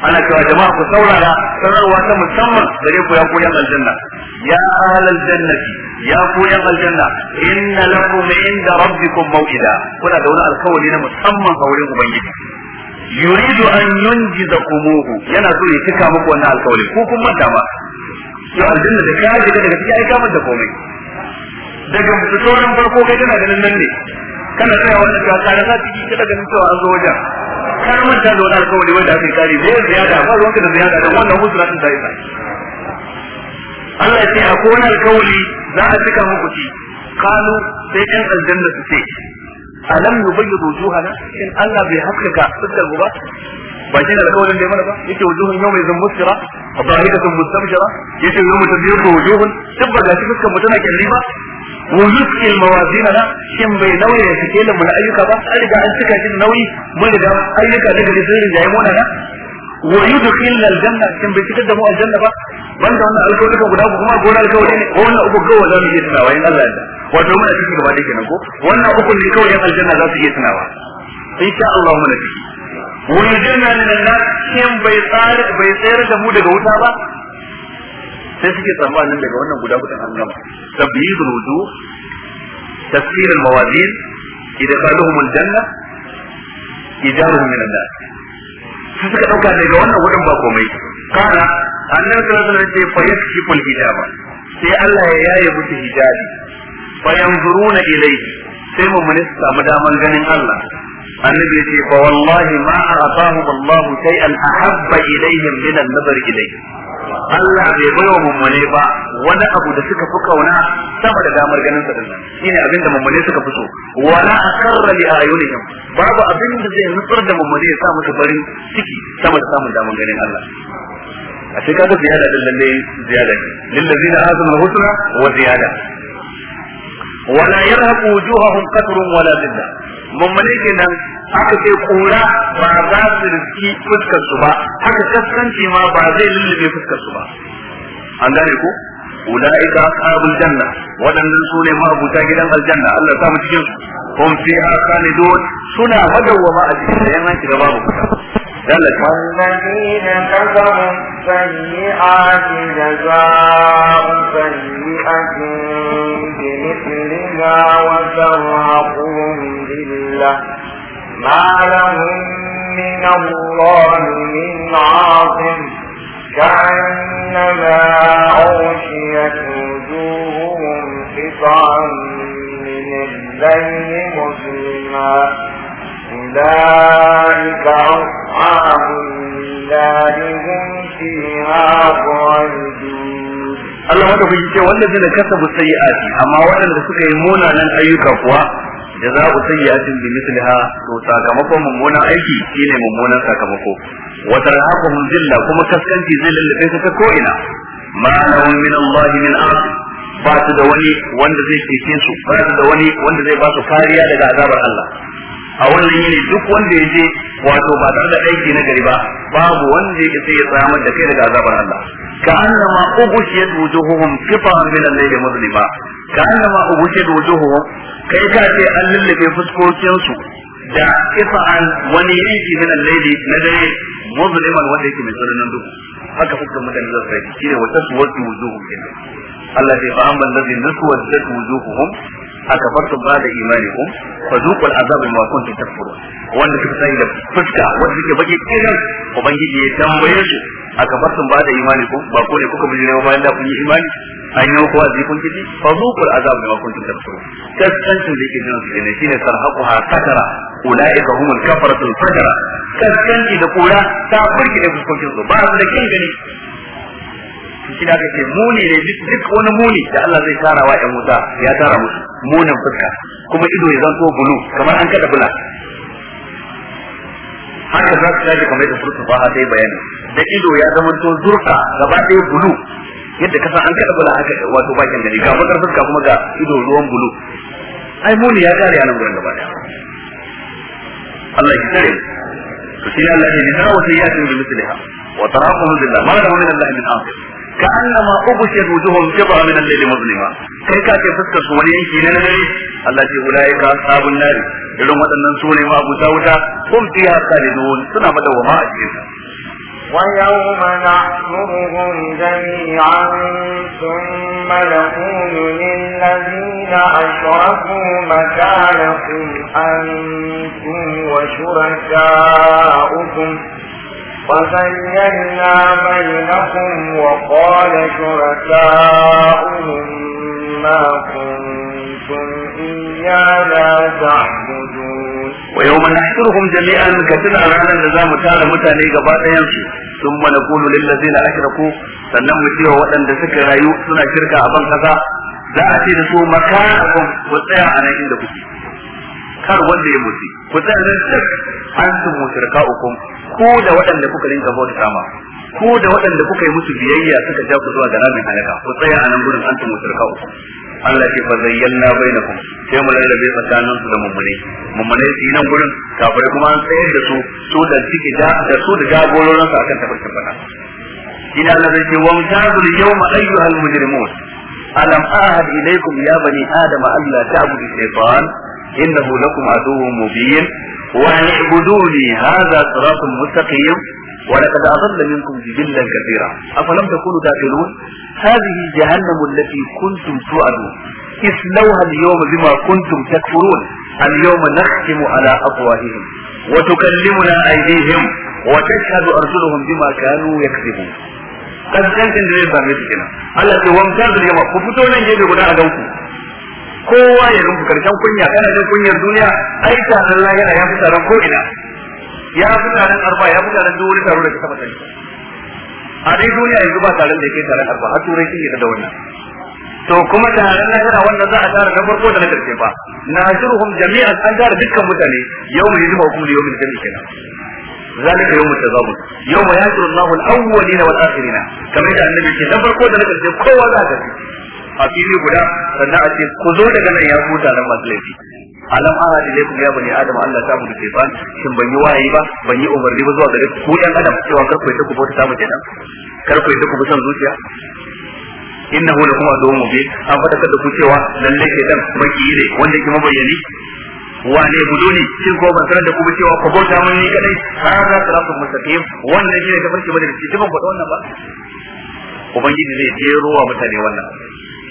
ana cewa jama'a ku saurara sanarwa ta musamman da ku ya koyan aljanna ya alal jannati ya ku yan aljanna inna lakum inda rabbikum maw'ida kuna da wani alkawari na musamman a wurin ubangiji yuridu an kumuhu yana so ya cika muku wannan alkawari ko kun manta ma to aljanna da ka shiga daga cikin aika da komai daga fitorin farko kai kana ganin nan ne kana tsaya wannan ka tsara za ciki kada ganin cewa an zo wajen kar manta da wani alkawari wanda aka yi tsari zai ziyada ba ruwanka da ziyada da wannan musulunci da ya Allah ya ce a kowane alkawali za a cika muku ci kalu sai ɗan aljanna su ce alam nubayyidu wujuhana in Allah bai haskaka fuskar mu ba ba shi da alkawarin da ya mana ba yake wujuhun yau mai zammusira a bahidatun mustamshira yake yau mutum biyu ko wujuhun duk ba ga shi fuskar mu tana kyalli ba ويسقي الموازين لا شن بي نوي يسكي لما أيك با أرجع أن سكا شن نوي مرجع أيك أنك لسير جايمون لا ويدخل الجنة شن بي سكت دمو الجنة با banda wannan alƙawarin guda uku kuma gona alƙawari ne ko wannan uku kawai za mu iya tunawa in Allah ya wato muna cikin gaba da kenan ko wannan uku ne kawai yan aljanna za su iya tunawa sha Allah muna ciki wa yujanna lil nas shin bai tsare bai tsare da mu daga wuta ba sai suke tsammanin daga wannan guda guda an gama tabyidul wujuh تفسير الموازين إدخالهم الجنة إيجارهم من الناس suka dauka daga wannan wurin ba komai kana annabi sallallahu alaihi wasallam ce fa yakshifu al-hijaba sai Allah ya yaye musu hijabi fa yanzuruna ilayhi sai mu mun samu daman ganin Allah annabi ya ce fa wallahi ma a'tahu Allah shay'an ahabba ilayhim min an-nazar ilayhi Allah bai baiwa mummune ba wani abu da suka fi kauna sama da damar ganin sa dinnan shine abin da mummune suka fi so wala akarra li ayunihim babu abin da zai nutsar da mummune ya sa musu barin ciki sama da samun damar ganin Allah a sai kaga ziyada din lalle ziyada ne lillazina azamul husna wa ziyada wala yarhaqu wujuhahum qatrun wala zilla mummune kenan aka ce kura ba za su riski fuskar su ba haka kaskanci ma ba zai lullube fuskar su ba an gane ko أولئك أصحاب الجنة waɗannan su ne ma'abuta gidan aljanna Allah samu cikin su hum fiha khalidun suna madawwama a cikin da yana shiga babu fita والذين كفروا السيئات جزاء سيئة بمثلها وترهقهم ذلة ما لهم من الله من عاصم كأنما أغشيت وجوههم قطعا من الليل مسلما أولئك أصحاب النار هم فيها خالدون Allah haka kuke ce wanda zai kasa bu sayyi'ati amma waɗanda suka yi munanan ayyuka kuwa da za ku sayyi'atin bi misliha to sakamakon mummunan aiki shine mummunan sakamako wa tarhaquhum zilla kuma kaskanci zai lallabe su ta ko'ina ma lahum min Allah min afi ba su da wani wanda zai kike su ba su da wani wanda zai ba su kariya daga azabar Allah a wannan yini duk wanda ya je wato ba tare da aiki na gari ba babu wanda ya sai ya tsamar da kai daga azabar Allah ka annama ubushiyat wujuhuhum qita'an min al-layli muzlima ka annama ubushiyat wujuhuhum kai ka ce an lullube fuskokin su da qita'an wani yanki min al-layli na dare muzliman wanda yake mai tsananin duhu haka fuskar mutane za su rai shine wata suwatu wujuhuhum Allah ya fa amma allazi naswat wujuhuhum akafartu ba da imanikum fa zuqul azab ma kuntum takfurun wanda kuka sai da fuska wanda suke baki kiran ubangiji ya tambaye shi akafartu ba da imanikum ba ko ne kuka bi ne ba da kun yi imani an yi kuwa zai kun kiji fa zuqul azab ma kuntum takfurun kaskancin da yake jin su ne shine sarhaqu ha sakara ulaika humul kafaratul fajara kaskanci da kura ta farki da fuskokin su ba su da kin gani shi da ce muni ne duk wani muni da Allah zai tara wa ɗan wuta ya tara musu munin fuska kuma ido ya zanto bulu kamar an kada bula haka za su tashi kamar da furta ba sai bayani da ido ya zama to zurfa gaba ɗaya bulu yadda kasa an kada bula haka wato bakin gari ga bakar fuska kuma ga ido ruwan bulu ai muni ya kare anan gurin gaba ɗaya Allah ya kare to shi Allah ya nisa wa sayyatin bi misliha wa taraqahu billah ma da wani Allah min asir ka annama ubshir wujuhum jaba min al-layli muslima kai ka ce fuskar su wani yanki ne na dare Allah ce ulaika ashabun nar irin waɗannan su ne ma abuta wuta hum fiha khalidun suna madawama a cikin ويوم نحشرهم جميعا ثم نقول للذين أشركوا مكانكم أنتم وشركاؤكم وبينا بينكم وقال شركاؤهم ما كنتم إيانا تعبدون ويوم نحشرهم جميعا كتن أرانا نزام تعالى متاني قبات يمشي ثم نقول للذين أشركوا سنم فيه وأن تسكر يوصنا شركة أبن خذا لا لسوا مكانكم وطيع أنا عندكم kar wanda ya mutu ku tsaya nan an su mutarka ukum ko da waɗanda kuka rinka bauta kama ko da waɗanda kuka yi musu biyayya suka ja ku zuwa ga ramin halaka ku tsaya a nan gurin an su mutarka ukum Allah ke fa zayyana bainakum sai mu lallabe tsakanin su da mummune mummune su nan gurin kafare kuma an tsayar da su su da suke da da su da jagororin su akan tabbata fada ina Allah zai ce wa mutazul yawma ayyuhal mujrimun alam ahad ilaykum ya bani adama alla ta'budu shaytan إنه لكم عدو مبين وأن اعبدوني هذا صراط مستقيم ولقد أضل منكم جبلا كثيرا أفلم تكونوا تعقلون هذه جهنم التي كنتم توعدون اسلوها اليوم بما كنتم تكفرون اليوم نختم على أفواههم وتكلمنا أيديهم وتشهد أرجلهم بما كانوا يكذبون قد كنت ندير بامتكنا التي وامتاز اليوم كفتونا جيبي قناع دوكم kowa ya rumfu karshen kunya kana jin kunyar duniya ai taron lahira ya fi tsaron ko ina ya fi tsaron arba ya fi taron duk taro da ka taba sani a dai duniya yanzu ba tsaron da yake tsaron arba har turai sun yi da wannan to kuma taron lahira wanda za a tara na farko da na karshe ba na shiruhum jami'an an tara dukkan mutane yau yawma yajma hukum yau yawmin jami'i kenan ذلك يوم التزامن يوم يأتي الله الأولين والآخرين كما ان النبي كده فرقوا لك الجيب كوا ذاتك a fili guda sannan a ce ku zo daga nan ya huta nan masu laifi alam ana da laifin ya bani adam Allah ta mutu shaytan shin ban yi wayayi ba ban yi umarni ba zuwa gare ku dan adam cewa kar ku yi ku bauta samun kenan kar ku yi ku bi son zuciya hu lakum mu bi an fadakar da ku cewa lalle ke dan maki ne wanda ke mabayyani wa ne buduni shin ko ban sanar da ku cewa ku bauta mun ni kadai har za ka rafu mustaqim wannan shine tafarki bane da shi ban faɗa wannan ba ubangiji zai jero wa mutane wannan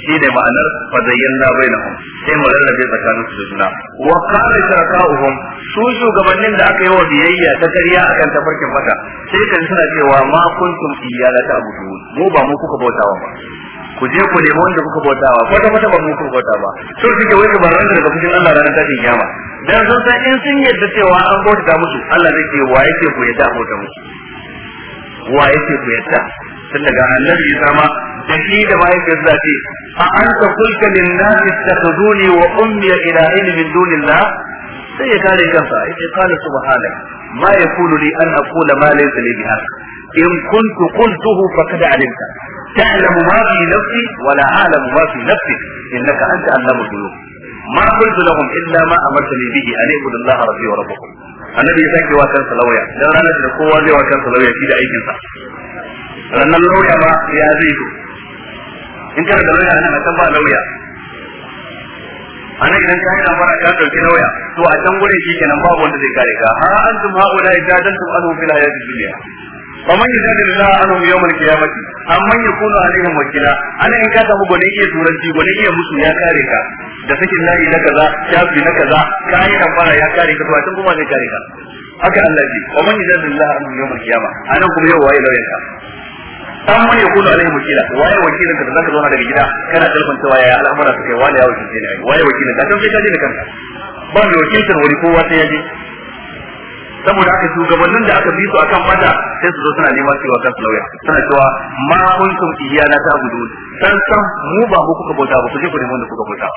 shi ne ma'anar fadayyan na bai nahun sai mu rarrabe tsakanin su juna wa kare sharaka'uhum su shugabannin da aka yi wa biyayya ta karya akan tafarkin mata sai kan suna cewa ma kuntum iyala ta abu mu ba mu kuka bautawa ba ku je ku nemi wanda kuka bautawa ko ta mata ba mu kuka bauta ba sun suke wai ba ran daga fushin Allah ranar tashin kiyama dan sun san in sun yadda cewa an bauta musu Allah zai ce wa yake ku yadda bauta musu wa yake ku yadda tun daga annabi ya sama da shi da mahaifiyar zafi a an ta kulka lillahi ittakhuduni wa ummi ila ilmin dunillah sai ya kare kansa yake qala subhanak ma yakulu li an aqula ma laysa li bihaq in kuntu qultuhu faqad alimta تعلم ما في نفسي ولا أعلم ما في نفسك إنك أنت علام الغيوب ما قلت لهم إلا ما أمرتني به أن اعبدوا الله ربي وربكم annabi ya sake wa kansa lauya dan ranar da kowa zai wa kansa lauya shi da aikin sa ranar lauya ma ya zai zo in kana da lauya nan a can ba lauya ana idan ka yi amara ka dauki lauya to a can gure shi kenan babu wanda zai kare ka ha antum haula ijadantum anhum fil hayatid dunya ومن يجادل الله عنهم يوم القيامة أم من يكون عليهم وكيلا أنا إن iya turanci, بنية iya بنية ya kare ka. da sakin layi na kaza shafi na kaza kayi nan fara ya kare ka to a can kuma zai kare ka haka Allah ji wa man yajadillahu anhu yawm al-qiyamah anan kuma yau waye lauyanka an mun yakunu alaihi wakila waye wakilin ka da zaka na daga gida kana dalban cewa yaya al'amura suka wani ya wakilce ne ai waye wakilin ka dan sai ka je da kanka ba mai wakiltar wani kowa sai ya je saboda aka shugabannin da aka bi su akan fata sai su zo suna neman cewa kan lauya suna cewa ma kuntum iyana ta gudu san san mu ba mu kuka bauta ba ku je ku neman da kuka bauta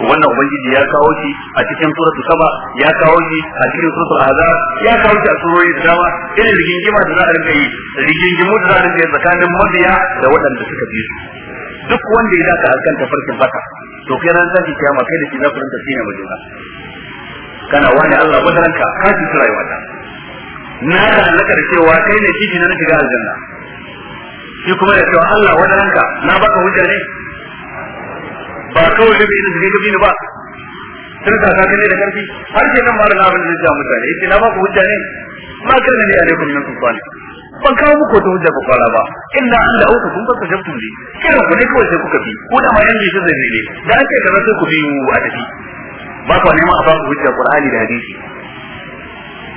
wannan ubangiji ya kawo shi a cikin suratul saba ya kawo shi a cikin suratul azab ya kawo shi a surori da dama irin rigingima da za a rinka yi rigingimu da za a rinka yi tsakanin mabiya da waɗanda suka bi su duk wanda ya dace akan tafarkin baka to kai ran zaki kiyama kai da shi za ku rinka tsina ma juna kana wani Allah wadaranka ka ci rayuwa ta na da alaka da cewa kai ne shi ne na shiga aljanna shi kuma da cewa Allah wadaranka na baka hujja ne ba kawai da bai da gabi ne ba sun ta ta ne da karfi har ke nan mara na abin da ya mutane yake na ba ku hujja ne ma kana ne alaikum min sultan ban kawo muku wata hujja ku kwala ba inna an da auka kun baka jabtun ne kira ku ne kawai sai kuka bi ko da ma yan shi zai ne da ake kaza sai ku bi a tafi ba ku neman a ba ku hujja qur'ani da hadisi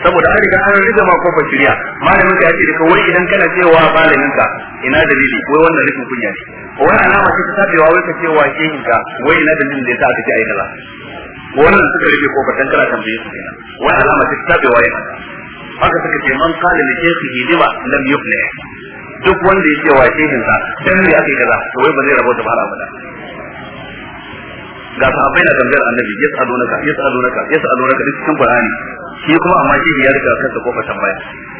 saboda an riga an riga ma kofar shirya malamin ka ya ce wai idan kana cewa malamin ka ina dalili wai wannan rikin kunya ne wai alama ce ta tabewa wai ka cewa shehin ka wai ina dalilin da yasa aka ce kaza wannan suka rike kofar dan kana tambaye su kenan wai alama ce ta tabewa yana haka suka ce man kana da shehi lima lam yuflih duk wanda ya ce wa shehin ka dan me aka yi kaza to wai ba zai rabo da ba abada ga sahabbai na tambayar annabi yas'alunaka yas'alunaka yas'alunaka duk cikin qur'ani shi kuma amma shi ya riga kansa kofa tambaya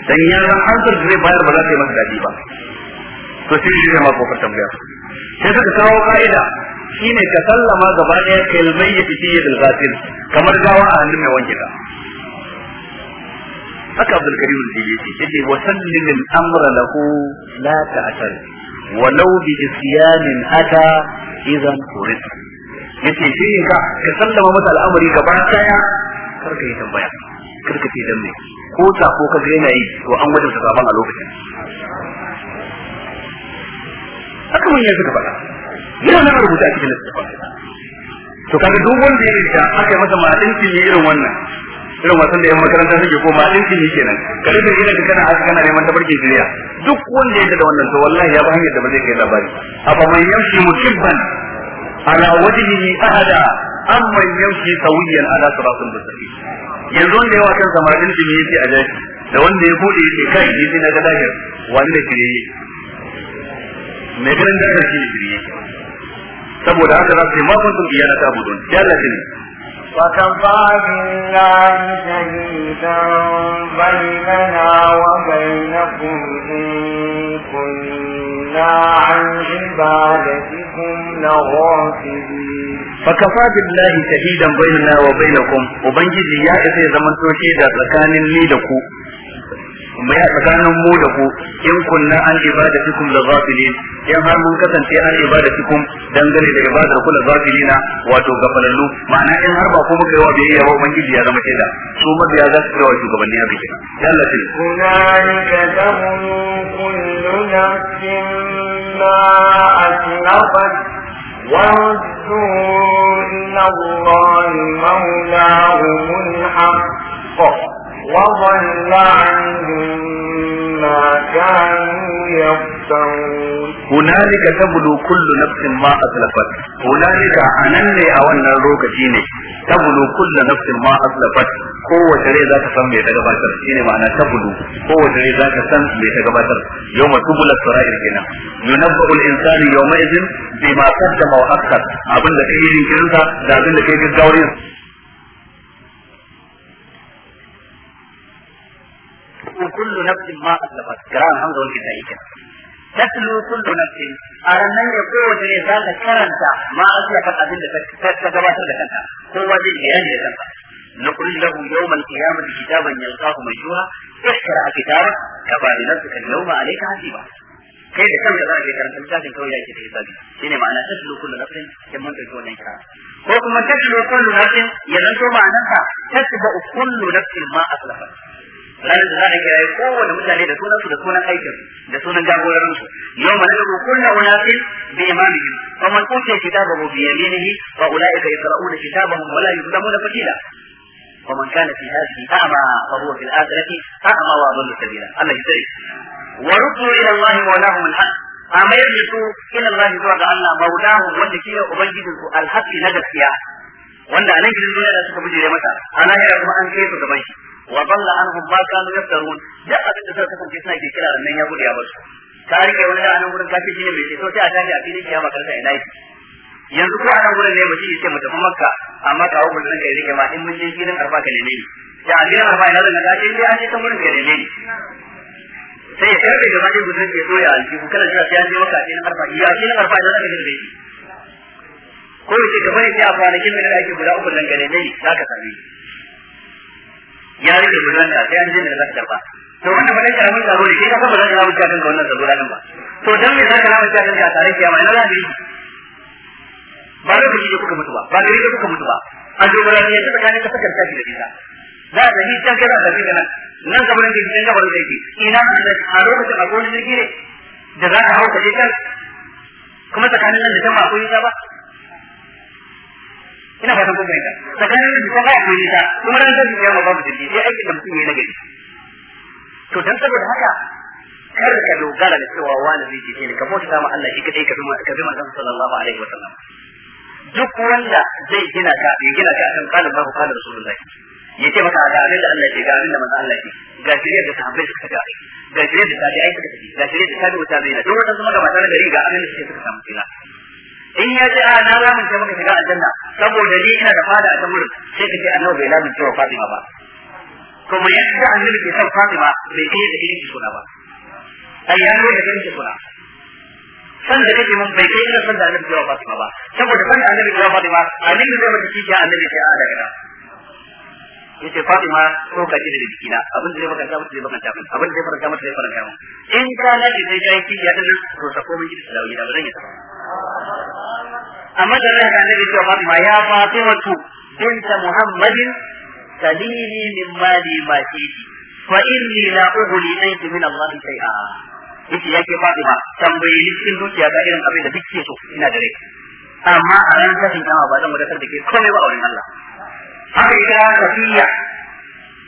dan ya ran ansar zai bayar ba za ta yi masa dadi ba to sai shi ma kofar tambaya sai suka kawo ka'ida shine ka sallama gaba daya kalmai ya fi yadil ghasir kamar gawa a hannun mai wanke ka haka abdul karim da yake yace wa sallim al-amra lahu la ta'tar walau bi isyanin ata idan turid yake shi ne ka ka sallama masa al'amari gaba daya karka yi tambaya karka ce dan me ko ta ko ka ga yi to an wajen ta gaban a lokacin haka mun yanzu ka faɗa yana nan rubuta cikin littafin to kaga duk wanda ya rika aka yi masa malinci ne irin wannan irin wasan da yan makaranta suke ko malinci ne kenan kare da irin kana aka kana neman ta barke jiriya duk wanda ya da wannan to wallahi ya ba hanyar da ba zai kai labari a ba man yamshi mutibban على وجهه ahada أما يمشي سويا على siratin mustaqim yanzu wanda yawa kan samarin shi ne yake a jaki da wanda ya bude yake kai yake na gadahir wani ne shirye mai ganin da shi ne saboda haka za su yi ma ta ne وكفى بالله شهيدا بيننا وبينكم إن كنا عن عبادتكم لغافلين فكفى بالله شهيدا بيننا وبينكم وبنجي يا زمن توشيدا لكان لي لكم mai a tsakanin mu da ku in kunna an ibadatikum la zafilin in har mun kasance an ibadatikum dangane da ibadar kula la na wato gafalallu ma'ana in har ba ku muka yi wa biyayya ba ubangiji ya zama shaida su mabiya za su kai wa shugabanni haka kenan yalla tin hunalika وردوا إلى الله مولاهم الحق وضل عنهم ما كانوا يفترون هنالك تبلو كل نفس ما أسلفت هنالك أنني أولنا روك شيني تبلو كل نفس ما أسلفت kowace rai za ta san mai ta gabatar shi ne ma'ana ta gudu kowace rai za ta san mai ta gabatar yau ma tubula sara'ir kenan yunabba ul insani yau ma izin bi ma kaddama wa akkar abinda kai jinkirinsa da abinda kai gaggawar kullu nafsin ma aslabat kiran hamza wal kitai tatlu a ma aslabat ranar da za a kiraye kowane mutane da sunan su da sunan aikin da sunan jagoran su yau mana da kullu munafiq bi imamihim fa man utiya kitabahu bi yaminihi fa ulaika yaqra'una kitabahum wa la yuzlamuna fatila ومن كان في هذه أعمى فهو في الآخرة أعمى وأضل سبيلا الله يسرك وردوا إلى الله مولاهم الحق amma yadda su ila Allah zuwa ga Allah maulahu wanda ke ubangijin su alhaqi na gaskiya wanda anan gidan duniya da suka bujire masa a lahira kuma an kai su gaban shi wa dalla anhum ma kanu yaftarun duk abin ta kasance suna ke kira nan ya gudu ya bar su ka rike wani da anan gurin kafi shine mai ceto sai a tafi a filin kiyama karka ina yi yanzu ko anan gurin ne ba shi ce mu tafi makka amma kawo gurin da kai ma in mun je filin arfa ka neme ni da an gina ina da ga sai dai an je ta gurin ka ne. sai ya karbe gaba gurin ke so ya aljihu kana jira ya ya ina da guda uku nan ne ya rike bulan da sai an je da zaka ba to wannan ba dai karamin tsaro ne kai ka ba za ka ramu cikin ka wannan tsaro nan ba to dan me za ka ramu cikin ka tare kiyama ina za ka yi ba da kuke da kuka mutu ba ba da kuke kuka mutu ba a dogara ne ta tsakanin ka sakar kashi da bisa za ka yi can kana da bisa nan nan ka bulan da bisa ga wani zai ina a lokacin akwai wani jirgi ne da za ka hau ka je kan kuma tsakanin nan da jama'a akwai ba ina ba san kuma tsakanin da ko ga ko ta kuma dan zai ya babu da sai aiki da mutum na gari to dan saboda haka kar ka dogara da cewa wani zai ne ka bauta ma Allah shi kadai ka bi ka bi manzon sallallahu alaihi wa sallam duk wanda zai gina ka ya gina ka akan kalin babu kana rasulullahi ya ce maka ga abin da Allah ke ga abin da manzon Allah ke ga shirya da sahabbai suka ga ga shirya da sahabbai suka ga shirya da tabi'u tabi'ina duk wanda zama gaba na da ga abin da suke suka samu in ya ce a na lamunce maka shiga aljanna saboda ni ina da fada a tamurin sai ka ce nawa bai lamunce wa fatima ba kuma yadda annabi ke san fatima bai ce da kake suna ba ai ya nuna da kake suna san da kake mun bai ce ina san da annabi ke wa fatima ba saboda san da annabi ke wa fatima a da ne mata shi ya annabi ke a da gida yace Fatima ko ka ji da jikina abin da zai maka ta zai maka ta abin da zai faranta mata zai faranta mu in ka na ji sai kai ki ya dan to sako min ji da lauyi gida ba zan yi ta amma da Allah kan ke cewa ma ya wato binta muhammadin salini min mali ma shidi fa inni la ughli ayti min Allah shay'a yake yake fatima tambayi cikin dukiya ga irin abin da kike so ina da rai amma a ran ta kama ba zan wadatar da ke komai ba wurin Allah haka ita safiya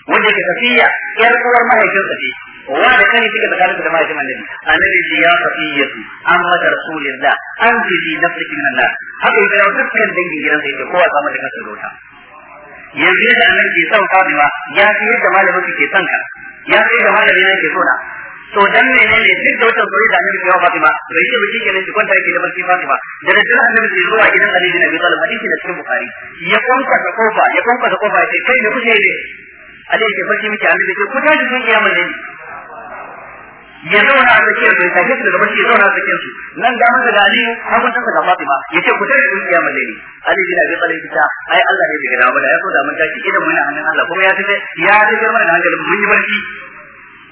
wanda ke safiya yar uwar mahaifin ce, wa da kani da tsakanin da mahaifin annabi annabi ya safiya an da rasulullah an ji na nafsiki min da haka ya dawo dukkan dangin gidan sai kowa samu da kansa wuta yanzu yadda nan ke son Fatima ya fi yadda malamin ke son ka ya fi yadda malamin na ke so na to dan menene duk da wata zuri da annabi ya Fatima bai ce biki kenan ki kwanta yake da barci Fatima da daddare annabi sai zuwa gidan Ali bin Abi Talib hadisi da cikin Bukhari ya kwanka da kofa ya kwanka da kofa ya ce kai ne kuke ne Ali ke barci miki annabi ce ku tashi sun kiyama ne ya zauna a tsakiyar su ya tafi daga bashi ya zauna a tsakiyar su nan da masa da aliyu har kun tasa ga fatima ya ce ku tare da kungiya ali bin abi talib ta ai Allah ne bai gada da ya so da mun tashi idan muna hannun Allah kuma ya tafi ya tafi mana da hankalin mun yi barci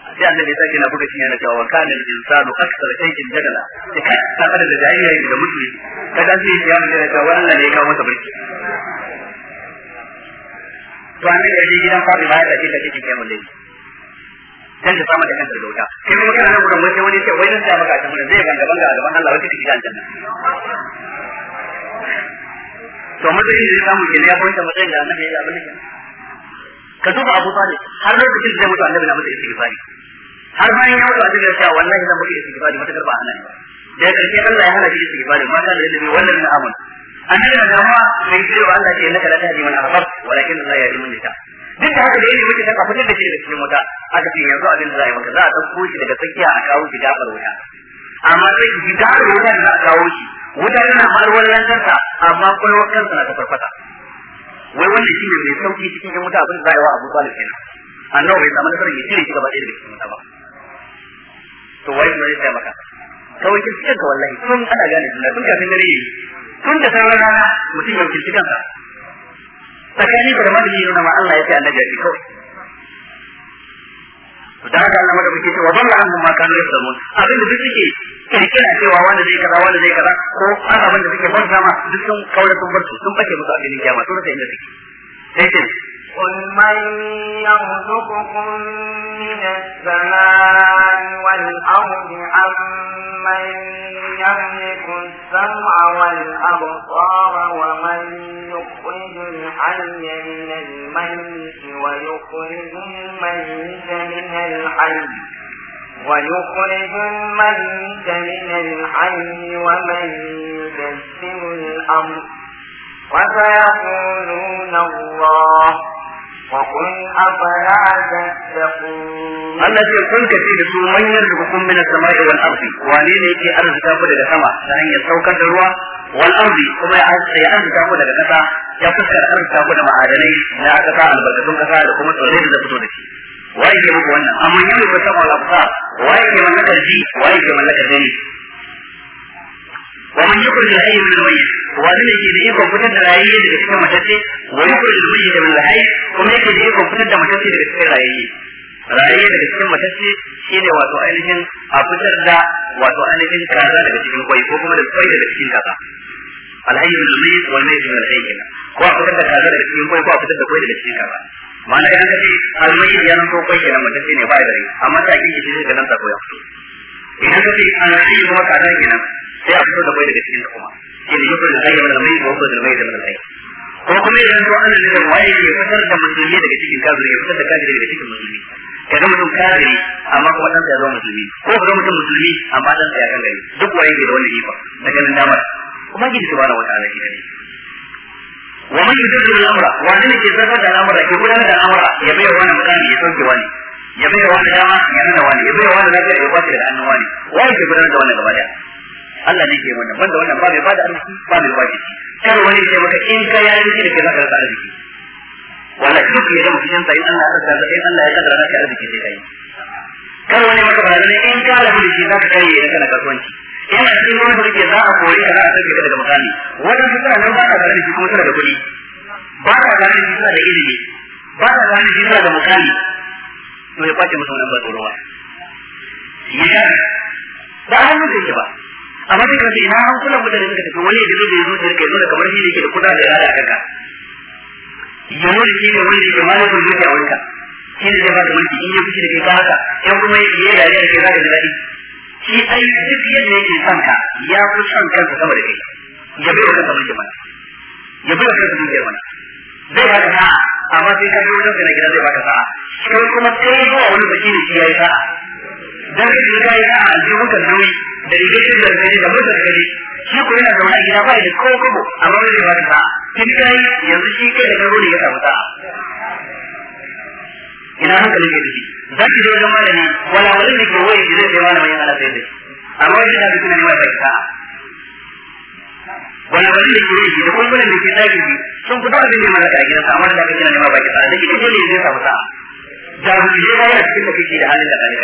sai annabi ya sake na buga shi yana cewa kana al-insanu akthar shay'in jadala kai ta kada da jahiliya da mutum kada sai ya mun da cewa Allah ne ya kawo masa barci to annabi ya gidan Fatima ya tafi da cikin dan da samu da kanta daga wuta sai kuma kana nan gurin wani wani ce wai nan da maka can gurin zai ganga banga gaban Allah wai kike gidan janna to matsayin da ya samu kenan ya fahimta matsayin da annabi ya abin nan ka duba Abu Talib har lokacin da mutu annabi na mutu istighfari har bayan ya mutu a cikin cewa wallahi zan mutu istighfari matakar ba anan da karshe Allah ya hana shi istighfari ma kana da yadda wannan na amana annabi na dama mai cewa Allah ce innaka la tahdi man ahbab walakin Allah ya yahdi man yasha duk da haka da yake muke saka fitar da shi daga cikin wuta aka ce yanzu abin da za yi maka za a ɗauko shi daga tsakiya a kawo shi gabar wuta amma sai shi gabar wuta da za a kawo shi wuta tana marwar lantarka amma kwaiwar kansa na ta farfata wai wanda shi ne mai sauki cikin yan wuta abin da za a yi wa abu talib kenan annabi bai samu nasarar ya cire shi gaba ɗaya da cikin wuta ba to wai kuma zai maka kawai kirkiran ka wallahi tun ana gane tun kafin dare yi tun da sauran rana mutum ya kirkiran kansa tsakani da madani da ma Allah ya ce annabi ya ce kawai to da haka Allah madaukake ce wa dalla an ma kanu mun abin da duk suke kirkira cewa wanda zai kaza wanda zai kaza ko abin da suke ban sama, duk sun kaura sun bar su sun bace musu abin kiyama to sai inda suke sai قل من يرزقكم من السماء والأرض أمن من يملك السمع والأبصار ومن يخرج الحي من الميت ويخرج الميت من الحي ويخرج الميت من الحي ومن يدبر الأمر وسيقولون الله Allah ce kun kace da su manyan rukun sama samai wal ardi Wani ne yake arzika ku daga sama ta hanyar saukar da ruwa wal ardi kuma ya arzika ku daga kasa ya fuskar arzika ku da ma'adanai na kasa albarkatun kasa da kuma tsirrai da fito da shi waye ke muku wannan amma yau ba sama al-absar waye ke mallakar ji waye ke mallakar dani ومن يخرج الحي من الميت وذن يجي da ikon fitar da rayayye daga cikin matacce wa yukhrij al-mayyit min al-hayy kuma yake da ikon fitar daga cikin rayayye rayayye daga cikin matacce shine wato ainihin a fitar da wato ainihin kaza daga cikin kwai ko kuma daga cikin kaza al-hayy min al-mayyit wa al-mayyit min al-hayy ko a daga cikin a daga cikin ma'ana ya nan ko kenan ne ba da rai amma ta kike shi ne ga nan ta koya idan kenan sai a fito da mai daga cikin kuma shi ne yukul hayy min al-mayyit wa yukul al-mayyit min ko kuma idan to ana nufin waye ke fitar da musulmi daga cikin kafiri ya fitar da kafiri daga cikin musulmi ka ga mutum kafiri amma kuma dan ya zama musulmi ko ka ga mutum musulmi amma dan ya kan gari duk waye ke da wannan ifa da ganin damar kuma gidi subhanahu wa ta'ala shi kadai wa man yudabbiru al-amra wa ne ke da ke gudanar da al'amura ya bayar wani mutane ya sauke wani ya dama ya nuna wani ya lafiya ya kwace da annan wani ke gudanar da wannan gaba daya Allah ne ke wannan banda wannan ba mai bada arziki ba mai bada shi kar wani ya maka in eh, ka yi arziki da ke za ka rasa arziki wala duk ya zama cikin sai Allah ya rasa sai Allah ya kaddara maka arziki sai kai kar wani maka ne in ka rabu da shi za ka kai da kana kasuwanci yana a cikin wani burge za a kori ka za a sauke ka daga makami wannan su tana nan ba ka gane shi kuma tana da kuɗi ba ka gane shi tana da ilimi ba ka gane shi tana da makami to ya kwace musu wannan ba tsoro ba ya ba hannun da yake ba amma duk da ina an kula mutane suka tafi wani da zai zo da kai zo da kamar shi ke da kuda da yana da kanka ya nuna shi ne wanda yake malikul mulki a wanka shi ne zai ba da mulki in yi kuki da kai ka haka yan kuma ya yi dariya da kai za ka ji daɗi shi ai duk yadda yake son ka ya fi son kansa sama da kai ya bai wa kansa mulki mana ya bai wa kansa mulki mana zai ba da sa'a amma sai ka zo wajen kai na gida zai ba ka sa'a sai kuma sai zuwa wani baki ne shi ya yi sa'a dan kai ka yi sa'a aljihun ka nauyi da rigar shi da gari da mutar gari shi ko yana zaune a gida ba da ko kobo amma wani ba kin kai yanzu shi kai da karo ya samu ina hankali ke biki za ki zo malami wala wani da ke waye zai wani bayan alaƙa da shi amma wani da kuma ne bai wani wani da ke waye da kungunan da ke zagi bi sun fita abin da mallaka a gidansa amma da kake ne ma baki sa'a da kike ne zai samu sa'a da ku je ba yana cikin da kake da halin da kai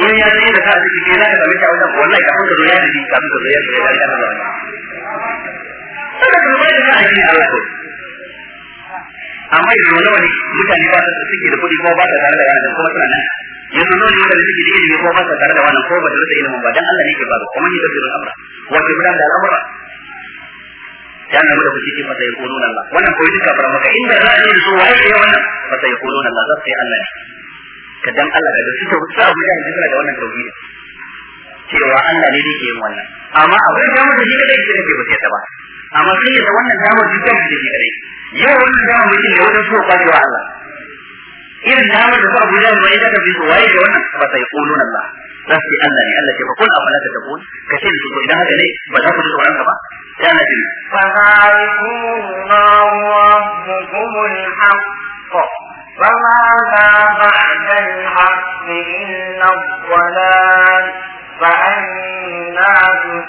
in ya ce da ka ji ke za ka same shi a wajen wallahi kafin ka zo ya ji kafin ka zo ya ji ya ji sai ka zo ya ji a ji a wato amma yanzu nawa ne mutane ba su suke da kuɗi ko ba su tare da wannan kuma suna nan yanzu nawa ne mutane suke da ilimi ko ba su tare da wannan ko ba su da ilimin ba dan Allah ne ke ba kuma ni da bi al'amura wato gudan da al'amura dan nan da kuke fa sai ya nuna Allah wannan ko duka fara maka inda za a yi da su wai wannan fa sai ko nuna Allah za su yi Allah ne ka dan Allah da su sa Abu Jahal suna da wannan tauhidi cewa Allah ne yake yin wannan amma abin da mutum shi kadai shi ne ba sai ta ba amma sai da wannan damar duk da shi kadai yau wannan damar mutum ne wajen so kwacewa Allah irin damar da Abu Jahal bai da bi su waye da wannan ba sai kulun Allah za su Allah ne Allah ce fa kun afala ta tabun ka ce su idan haka ne ba za ku ji tsoron ka ba ya Allah ji fa zalikum Allahu rabbukum al-haqq فماذا بعد الحق إلا الضلال فأنا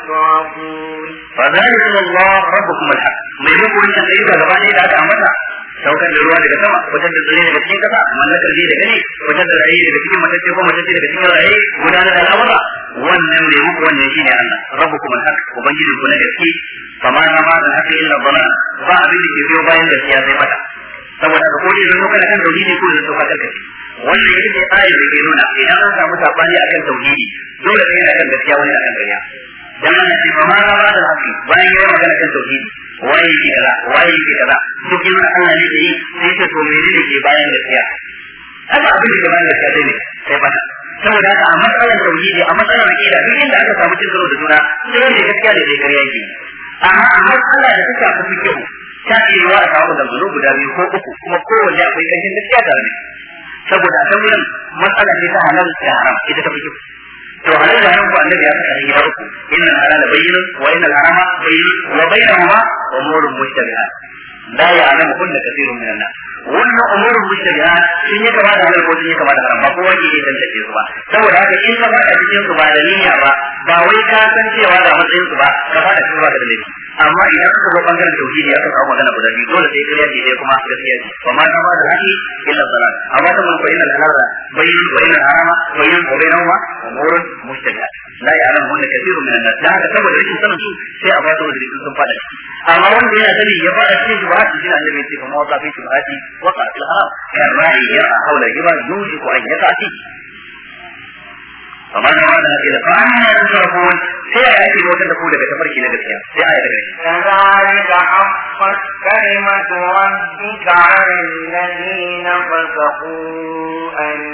تصرفون فذلكم الله ربكم الحق mai yin kurin can ayyuka gaba ɗaya da saukar da ruwa daga sama wajen da zuri daga cikin kasa mallakar ji da gani wajen da rayi daga cikin matacce ko matacce daga cikin rayi gudanar da al'amura wannan mai muku wannan shi ne Allah rabbukum al-haq ubangiji ku na gaske ba ma ma da haka illa bana ba abin da ke biyo bayan gaskiya sai mata saboda ka kodi zan kana kan tauhidi ko zan sauka kanka wannan yake ne ayar da ke nuna idan an samu sabani akan tauhidi dole ne yana kan gaskiya wani akan ƙarya dan ana ce ba ma na ba da haƙi bayan yayi magana kan tauhidi waye yake kaza waye yake kaza duk yana Allah ne yi sai ta to menene ke bayan gaskiya haka abin da ke bayan gaskiya dai ne sai ba saboda haka a matsalar tauhidi a matsalar aqida duk inda aka samu cin karo da juna sai ne gaskiya da dai ƙarya yake amma a matsalar da ta shafi fikihu ta iya yawa a samu zanzano guda biyu ko uku kuma kowanne akwai ƙarshen gaskiya tare da saboda a san wurin matsala ce ta halal da haram ita ta fi kyau to halal da haram ko annabi ya faɗa gida uku innal halala bayyinun wa innal harama bayyinun wa bainahuma umurun mushtabihat la ya'lamu kullu kathirun minan nas wannan umurul mushrikat sun yi kama da halal ko sun yi kama da haram ba kowa ke iya tantance su ba saboda haka in ka fada cikin ba da niyya ba ba wai ka san cewa da matsayin su ba ka fada cikin ba ka da laifi amma idan aka ba bangaren tauhidi aka kawo magana guda biyu dole sai kariya ce kuma gaskiya ce wa ma kama da haƙi illa salat amma ta mun bayyana halala bayyana bayyana harama bayyana ko bayyana ma umurul mushrikat la ya'lamu kullu kathirun minan nas da haka saboda rashin sanin da wanda yana ya المراد شنو النبي يقول ما وقع في شبهات وقع في الحرام كالراعي يرعى حول الجبل يوشك ان يقع فيه amma da ma da haka da ba na yin sarfon sai a yake motar da ku daga tafarki na gaskiya sai a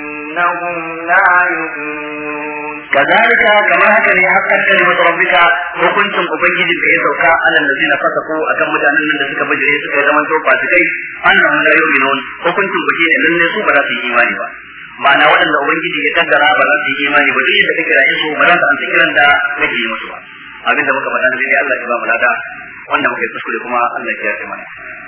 yi daga shi. كذلك حقت كلمة ربك على الذين فسقوا أنهم لا يؤمنون كذلك كما هكذا حقت كلمة ربك hukuncin ubangiji da ya sauka alal ladina a kan mutanen nan da suka bijire suka zama to fasikai annahum la yu'minun hukuncin ku ne lalle su ba za su yi imani ba ma'ana waɗanda ubangiji ya kaddara ba za yi imani ba duk da kake rayu su ba za su ansa kiran da kake yi musu ba abinda muka faɗa ne dai Allah ya ba mu lada wanda muke yi kuskure kuma Allah ya yafe mana